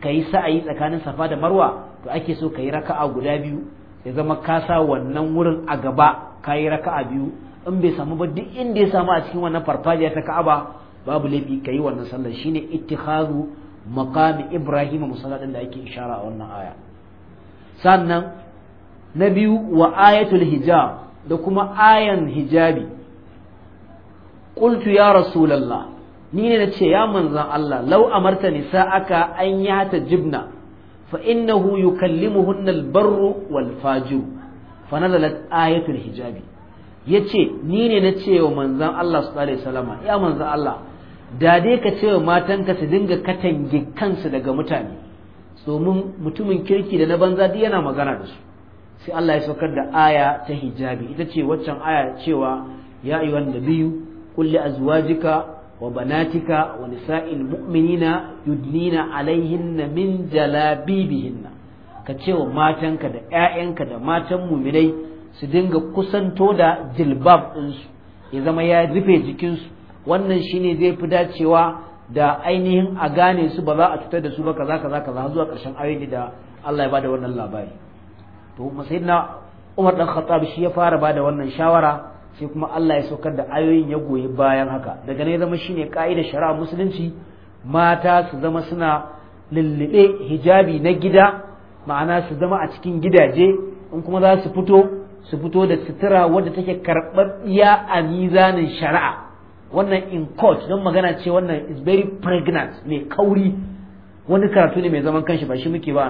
ka yi sa'ayi tsakanin Safa da Marwa to ake so ka yi raka'a guda biyu ya zama ka sa wannan wurin a gaba ka yi raka'a biyu in bai samu ba duk inda ya samu a cikin wannan farfajiya ta Ka'aba babu laifi ka yi wannan sallah shine ittikhazu maqami Ibrahim musalla din da ake ishara a wannan aya sannan na biyu wa ayatul hijab da kuma ayan hijabi qultu ya rasulullah ni ne nace ya manzon Allah law amarta aka an hata jibna fa innahu yukallimuhunna albarru wal fajir fa nazalat ayatul hijabi yace ni ne nace wa manzon Allah sallallahu alaihi wasallam ya manzon Allah da dai ka ce wa matanka su dinga katange kansu daga mutane domin mutumin kirki da na banza duk yana magana da su sai Allah ya saukar da aya ta hijabi ita ce waccan aya cewa ya wanda biyu qul a azwajika wa banatika wa nisa'il mu'minina yudnina alaihinna min jalabibihinna ka ce wa matanka da ƴaƴanka da matan muminai su dinga kusanto da jilbab ɗinsu ya zama ya rufe jikinsu wannan shine zai fi dacewa da ainihin a gane su ba za a cutar da su ba kaza kaza kaza zuwa ƙarshen ayoyi da Allah ya bada wannan labari to na Umar dan Khattab shi ya fara bada wannan shawara sai kuma Allah ya saukar da ayoyin ya goyi bayan haka daga ne zama shine ka'ida shari'a musulunci mata su zama suna lullube hijabi na gida ma'ana su zama a cikin gidaje in kuma za su fito su fito da sutura wadda take karɓaɓɓiya a mizanin shari'a wannan in court don magana ce wannan is very pregnant mai kauri wani karatu ne mai zaman kanshi ba shi muke ba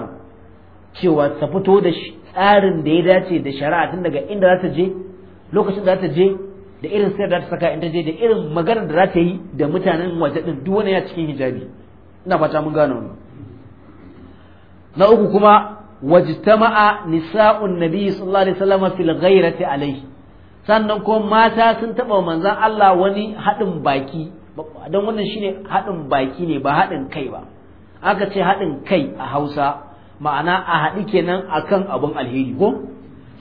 cewa ta fito da tsarin da ya dace da shari'a tun daga inda za ta je lokacin da za ta je da irin sayar da ta saka in ta je da irin maganar da za ta yi da mutanen waje din duk wani ya cikin hijabi ina fata mun gane wannan na uku kuma wajtama'a nisa'un nabi sallallahu alaihi wasallam fil ghairati alaihi sannan ko mata sun taba manzan Allah wani haɗin baki don wannan shine haɗin baki ne ba haɗin kai ba aka ce haɗin kai a Hausa ma'ana a haɗu kenan a kan abun alheri ko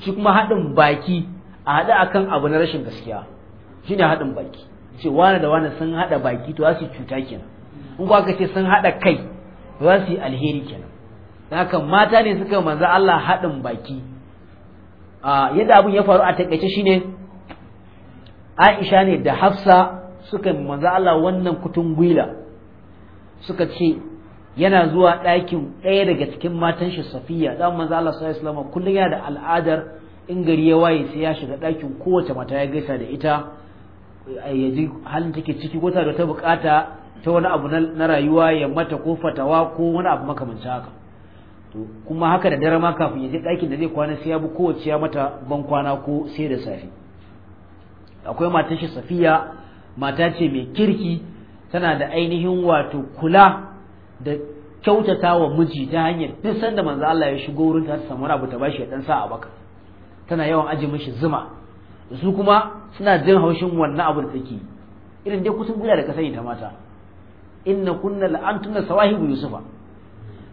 shi kuma haɗin baki a haɗu kan abu na rashin gaskiya shine haɗin baki ce wane da wane sun haɗa baki to za su cuta kenan in ko aka ce sun haɗa kai za su yi alheri kenan haka mata ne suka manza Allah haɗin baki a yadda abin ya faru a taƙaice shine Aisha ne da Hafsa suka manza Allah wannan kutun gwila suka ce yana zuwa ɗakin ɗaya daga cikin matan shi safiya dan manzo Allah sallallahu alaihi wasallam kullun yana da al'adar in gari ya waye sai ya shiga ɗakin kowace mata ya gaisa da ita yaji halin take ciki ko ta da ta bukata ta wani abu na rayuwa ya mata ko fatawa ko wani abu makamancin haka to kuma haka da dare ma kafin ya je ɗakin da zai kwana sai ya bi kowace ya mata ban kwana ko sai da safe akwai matan shi safiya mata ce mai kirki tana da ainihin wato kula da kyautata wa miji ta hanyar duk sanda manzo Allah ya shigo wurin ta samu abu ta bashi ya dan sa a baka tana yawan aje mishi zuma su kuma suna jin haushin wannan abu da take irin dai kusan guda da ka sani ta mata inna kunna la'antuna sawahibu yusufa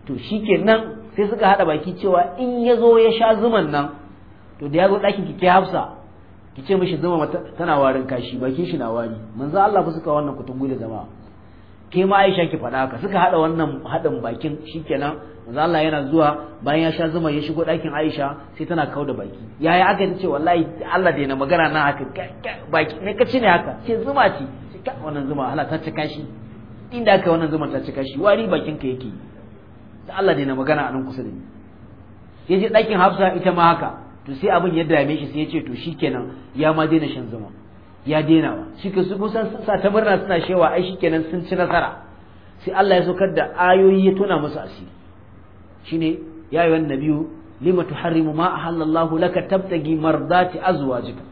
to shikenan sai suka hada baki cewa in ya zo ya sha zuman nan to da ya zo ɗakin kike hafsa ki ce mishi zuma tana warin kashi bakin shi na wari manzo Allah ku suka wannan da jama'a ke ma Aisha ki faɗa haka suka haɗa wannan haɗin bakin shikenan manzo Allah yana zuwa bayan ya sha zuma ya shigo ɗakin Aisha sai tana kauda baki yaya aka ce wallahi Allah da yana magana na haka baki ne kace ne haka ce zuma ce wannan zuma Allah ta cika shi inda aka wannan zuma ta cika shi wari bakin ka yake da Allah da yana magana a nan kusa da ni yaje ɗakin Hafsa ita ma haka to sai abin ya dame shi sai ya ce to shikenan ya ma daina shan zuma ya daina wa shi ka su kusan sa ta murna suna shewa ai shikenan sun ci nasara sai Allah ya saukar da ayoyi ya tona musu asiri shine ya yi wannan nabiyu lima tuharrimu ma ahallallahu laka tabtagi mardati azwajika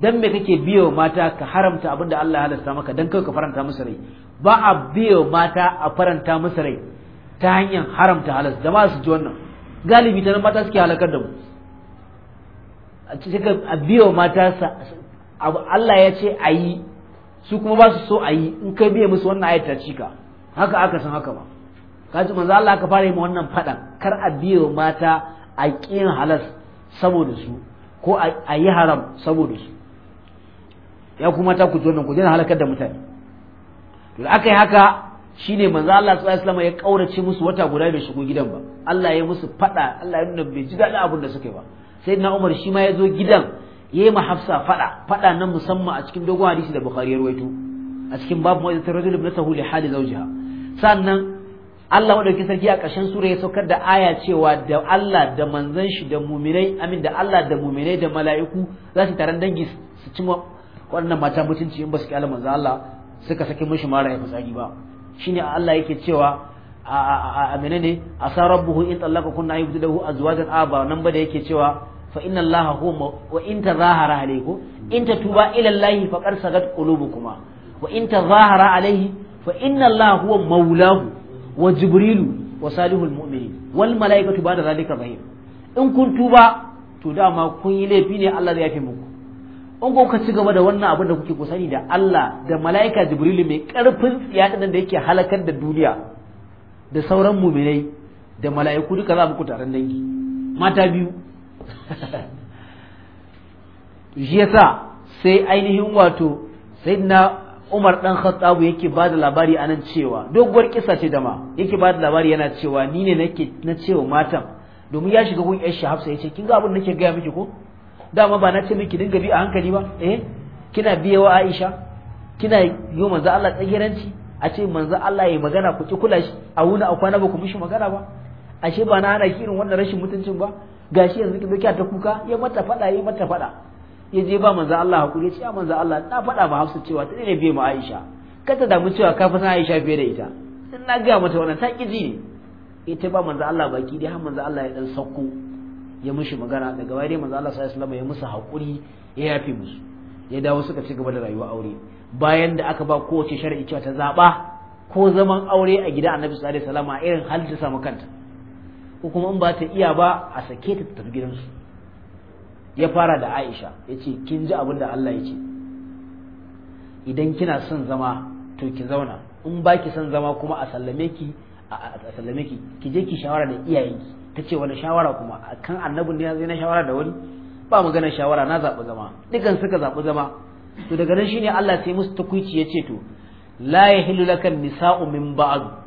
dan me kake biyo mata ka haramta abinda Allah ya halasta maka dan kai ka faranta musu rai ba a biyo mata a faranta musu rai ta hanyar haramta halas ba su ji wannan galibi ta nan mata suke halakar da mu a biyo mata abu Allah ya ce a yi su kuma ba su so a yi in kai biya musu wannan ayat ta cika haka aka san haka ba ka ji manzo Allah ka fara yi wannan faɗan kar a biya mata a kiyin halas saboda su ko a yi haram saboda su ya kuma ta ku nan ku jina halakar da mutane to da aka yi haka shine manzo Allah sallallahu alaihi ya kaurace musu wata guda bai shigo gidan ba Allah ya musu faɗa Allah ya nuna bai ji daɗin abin da suka yi ba sai na Umar shi ma ya zo gidan Yi ma hafsa fada fada nan musamman a cikin dogon hadisi da bukhari ya a cikin babu ma ta rajul ibn tahuli hali zawjiha sannan Allah madaukakin sarki a ƙarshen sura ya saukar da aya cewa da Allah da manzon shi da muminai amin da Allah da muminai da mala'iku za su taron dangi su ci wannan mata mutunci in ba su Allah manzon Allah suka saki mishi mara ya fitsari ba shine Allah yake cewa a menene asa rabbuhu in tallaka kunna yubdilahu azwajan aba nan ba da yake cewa fa inna allaha huwa wa in tazahara alayhi in tatuba ila allahi faqad sagat qulubukuma wa in tazahara alayhi fa inna allaha huwa maulahu wa jibrilu wa salihul mu'minin wal malaikatu ba'da zalika zahir in kun tuba to dama kun yi laifi ne Allah zai yafe muku in kuka ci gaba da wannan abin da kuke ku sani da Allah da mala'ika Jibrilu mai karfin tsiya da yake halakar da duniya da sauran muminai da mala'iku duka za muku taron dangi mata biyu shi sai ainihin wato na Umar dan khattabu yake ba da labari a nan cewa doguwar kisa ce da ma yake ba da labari yana cewa ni ne nake na cewa matan domin ya shiga gun Aisha Hafsa ce, kin ga abin ke gaya miki ko dama ba na ce miki dinga bi a hankali ba eh kina biyawa wa Aisha kina yi manzo Allah tsagiranci a ce manzo Allah ya yi magana ku ki kula shi a wuni a kwana ba ku mishi magana ba ashe ba na hana ki irin wannan rashin mutuncin ba gashi yanzu kin ta kuka ya mata fada ya mata fada ya je ba manzo Allah hakuri ya ce ya manzo Allah na fada ba Hafsa cewa ta ne biye mu Aisha kada damu cewa ka san Aisha fiye da ita in na ga mata wannan ta kiji ne ita ba manzo Allah baki dai har manzo Allah ya dan sauko ya mushi magana daga wai dai manzo Allah sallallahu alaihi ya musu hakuri ya yafe musu ya dawo suka ci gaba da rayuwa aure bayan da aka ba kowace shar'i cewa ta zaba ko zaman aure a gida Annabi sallallahu alaihi wasallam irin halin ta samu kanta ko kuma in ba ta iya ba a sake ta tafi gidansu ya fara da Aisha ya ce kin ji abin Allah ya ce idan kina son zama to ki zauna in ba ki son zama kuma a sallame ki a sallame ki ki je ki shawara da iyayenki ta ce wani shawara kuma kan annabin ne zai na shawara da wani ba magana shawara na zaɓi zama dukan suka zaɓi zama to daga nan shine Allah sai musu ta ya ce to la yahillu lakan nisa'u min ba'd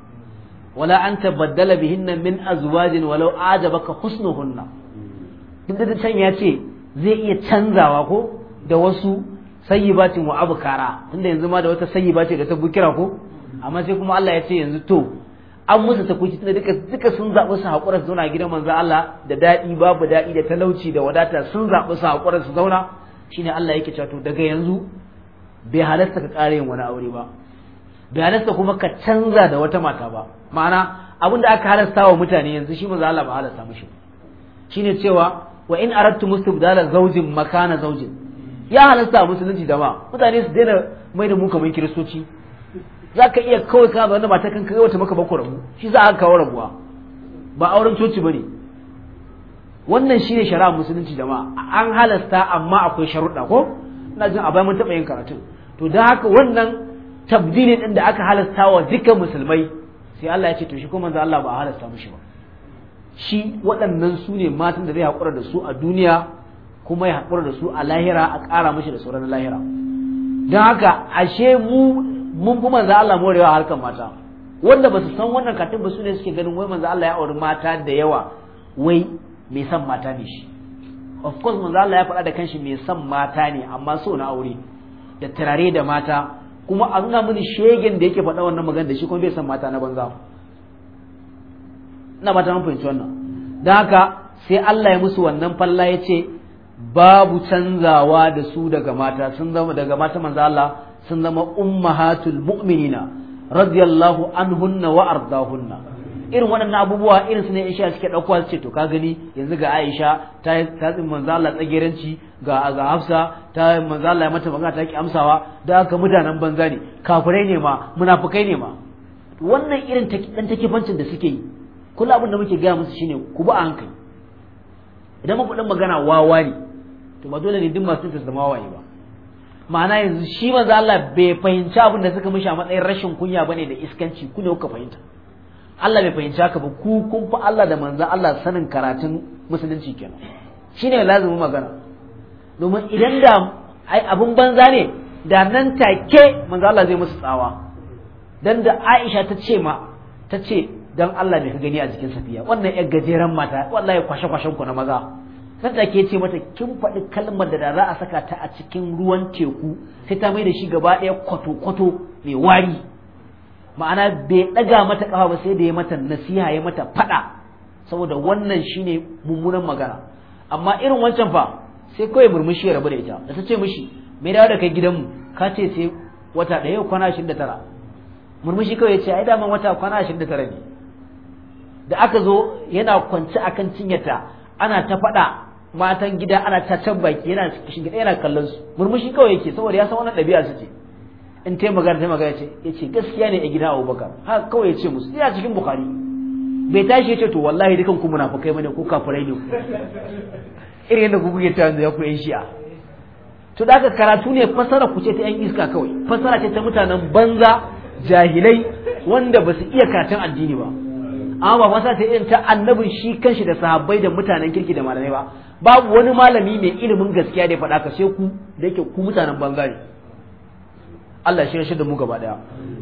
wala an tabaddala بهن min azwajin walau ajabaka حسنهن duk da can ya ce zai iya canzawa ko da wasu sayyibatin wa kara, tunda yanzu ma da wata sayyiba ce ga ta bukira ko amma sai kuma Allah ya ce yanzu to an musu ta kuci tunda duka duka sun zaɓi su haƙura su zauna gidan manzo Allah da daɗi babu daɗi da talauci da wadata sun zaɓi su haƙura su zauna shine Allah yake cewa to daga yanzu bai halarta ka ƙara yin wani aure ba bai kuma ka canza da wata mata ba ma'ana abin da aka halasta wa mutane yanzu shi maza Allah ba halasta mushi shine cewa wa in aradtu mustibdala zawjin makana zawjin ya halasta musulunci da ma mutane su daina mai da mu kamar kiristoci za ka iya kawai ka mata kan ka wata maka bako rabu shi za a kawo rabuwa ba auren coci ba ne wannan shi ne shari'a musulunci jama'a an halasta amma akwai sharuɗa ko ina jin a bayan mun taɓa yin karatun to don haka wannan tabdili din da aka halasta wa dukkan musulmai sai Allah ya ce to shi kuma manzo Allah ba a halasta mushi ba shi waɗannan su ne matan da zai haƙura da su a duniya kuma ya haƙura da su a lahira a ƙara mushi da sauran lahira don haka ashe mu mun fi manzo Allah morewa harkar mata wanda ba su san wannan katin ba su ne suke ganin wai manzo Allah ya auri mata da yawa wai mai san mata ne shi of course manzo Allah ya faɗa da kanshi mai san mata ne amma so na aure da turare da mata kuma an ga mini shegen da yake faɗa wannan magana da shi kuma bai san mata na banza ina mata mun wannan don haka sai Allah ya musu wannan falla ya ce babu canzawa da su daga mata sun zama daga mata manzo Allah sun zama ummahatul mu'minina radiyallahu anhunna wa ardahunna irin waɗannan abubuwa irin su ne in suke ɗaukowa su ce to ka gani yanzu ga Aisha ta ta tsin manzo Allah tsageranci ga ga Hafsa ta manzo Allah ya mata magana ta ki amsawa da aka mutanen banza ne kafirai ne ma munafukai ne ma wannan irin dan bancin da suke yi kullu abin da muke gaya musu shine ku ba hankali idan muku dan magana wawa ne to ba dole ne duk masu su zama waye ba ma'ana yanzu shi manzo Allah bai fahimci abin da suka mishi a matsayin rashin kunya bane da iskanci ku ne kuka fahimta Allah bai fahimci haka ba ku kun fi Allah da manzan Allah sanin karatun musulunci kenan shine lazumin magana domin idan da ai abin banza ne da nan take manzan Allah zai musu tsawa dan da Aisha ta ce ma ta ce dan Allah mai gani a jikin Safiya wannan yar gajeren mata wallahi kwashe kwashen ku na maza nan take ce mata kin faɗi kalmar da za a saka ta a cikin ruwan teku sai ta mai da shi gaba ɗaya kwato kwato mai wari ma'ana bai ɗaga mata ƙafa ba sai da ya mata nasiha ya mata faɗa saboda wannan shine mummunan magana amma irin wancan fa sai kawai murmushi ya rabu da ita da ta ce mishi me dawo da kai gidanmu ka ce sai wata ɗaya kwana ashirin da tara murmushi kawai ya ce ai daman wata kwana ashirin da tara ne da aka zo yana kwance akan cinyata ana ta faɗa matan gida ana ta can baki yana yana kallon su murmushi kawai yake saboda ya san wannan ɗabi'a su ce in ta magana ta magana ce ya ce gaskiya ne a gida abubakar haka kawai ya ce musu ya cikin bukari bai tashi ya ce to wallahi dukan ku munafukai mana ko kafirai ne irin yadda kuka ya ta yanzu ya ku yan shi'a to da aka karatu ne fasara ku ce ta yan iska kawai fasara ce ta mutanen banza jahilai wanda ba su iya karatun addini ba amma ba fasara ta irin ta annabin shi kanshi da sahabbai da mutanen kirki da malamai ba babu wani malami mai ilimin gaskiya da ya faɗa ka sai ku da yake ku mutanen banza ne Allah shi ya da mu gaba daya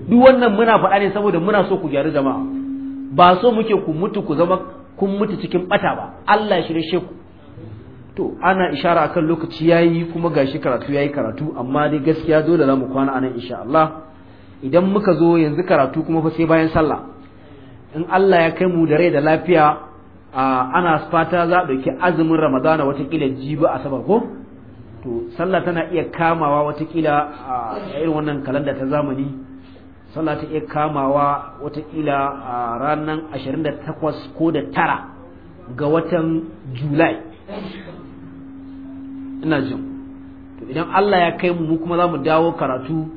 duk wannan muna faɗa ne saboda muna so ku gyaru jama'a ba so muke ku mutu ku zama kun mutu cikin bata ba Allah shi shi ku to ana ishara kan lokaci yayi kuma gashi karatu yayi karatu amma dai gaskiya dole za mu kwana anan insha Allah idan muka zo yanzu karatu kuma fa sai bayan sallah in Allah ya kai mu da rai da lafiya ana fata za a ɗauki azumin Ramadana watakila jibi asabar ko to sallah tana iya kamawa watakila a irin wannan kalanda ta zamani sallah ta iya kamawa watakila a ranar 28 ko da tara ga watan julai ina jin to idan Allah ya kai mu kuma za mu dawo karatu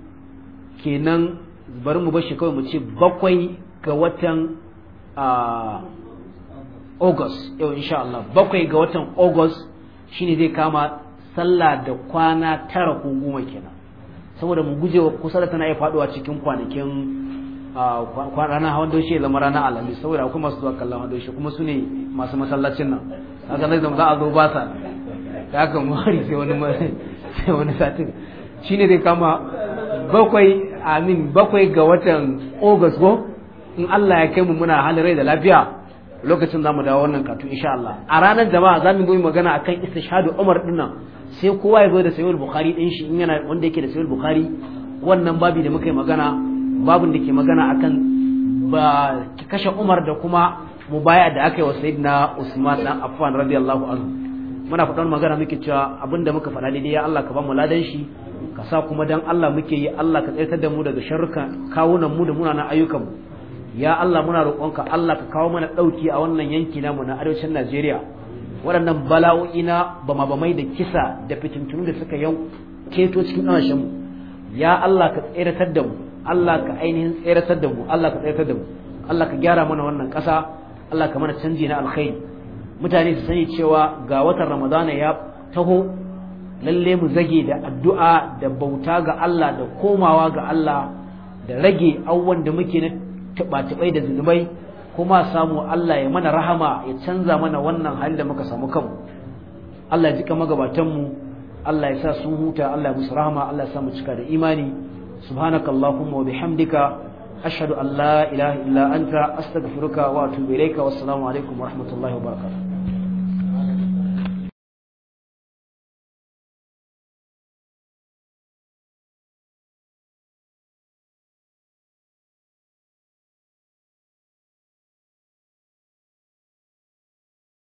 kenan bari mu bashi kawai mu ce bakwai ga watan August yau insha Allah bakwai ga watan August shine zai kama sallah da kwana tara ko goma kenan saboda mu gujewa kusa da tana iya faduwa cikin kwanakin ranar hawan doshi da zama ranar alhamis saboda akwai masu zuwa kallon hawan doshi kuma su ne masu masallacin nan haka zai zama za a zo ba sa da haka muhari sai wani sai wani satin shi ne zai kama bakwai amin bakwai ga watan august ko in allah ya kai mu muna halin rai da lafiya lokacin za mu dawo wannan katu insha allah a ranar jama'a za mu yi magana akan istishhadu umar dinnan sai kowa ya zo da sayuwar bukhari din shi in yana wanda yake da sayuwar bukhari wannan babi da muka yi magana babin da ke magana akan ba kashe umar da kuma mu baya da aka yi wa na usman dan affan radiyallahu anhu muna faɗan magana muke cewa da muka faɗa daidai ya Allah ka ba mu ladan shi ka sa kuma dan Allah muke yi Allah ka tsaitar da mu daga sharrukan kawunan mu da munanan ayyukan mu ya Allah muna roƙonka Allah ka kawo mana ɗauki a wannan yanki namu na arewacin Najeriya waɗannan bala'o'i na bama bamai da kisa da fitintunu da suka yau keto cikin ƙanashin mu ya Allah ka tseratar da mu Allah ka ainihin tseratar da mu Allah ka tseratar da mu Allah ka gyara mana wannan ƙasa Allah ka mana canji na alkhairi mutane su sani cewa ga watan Ramadana ya taho lalle mu zage da addu'a da bauta ga Allah da komawa ga Allah da rage auwan da muke na taɓa-taɓai da zunubai kuma samu Allah ya mana rahama ya canza mana wannan hali da muka samu kanmu Allah ya jika magabatanmu Allah ya sa sun huta Allah ya musu rahama Allah ya sa mu cika da imani subhanakallahumma wa bihamdika ashhadu an la ilaha illa anta astaghfiruka wa atubu ilayka wassalamu alaikum wa rahmatullahi wa barakatuh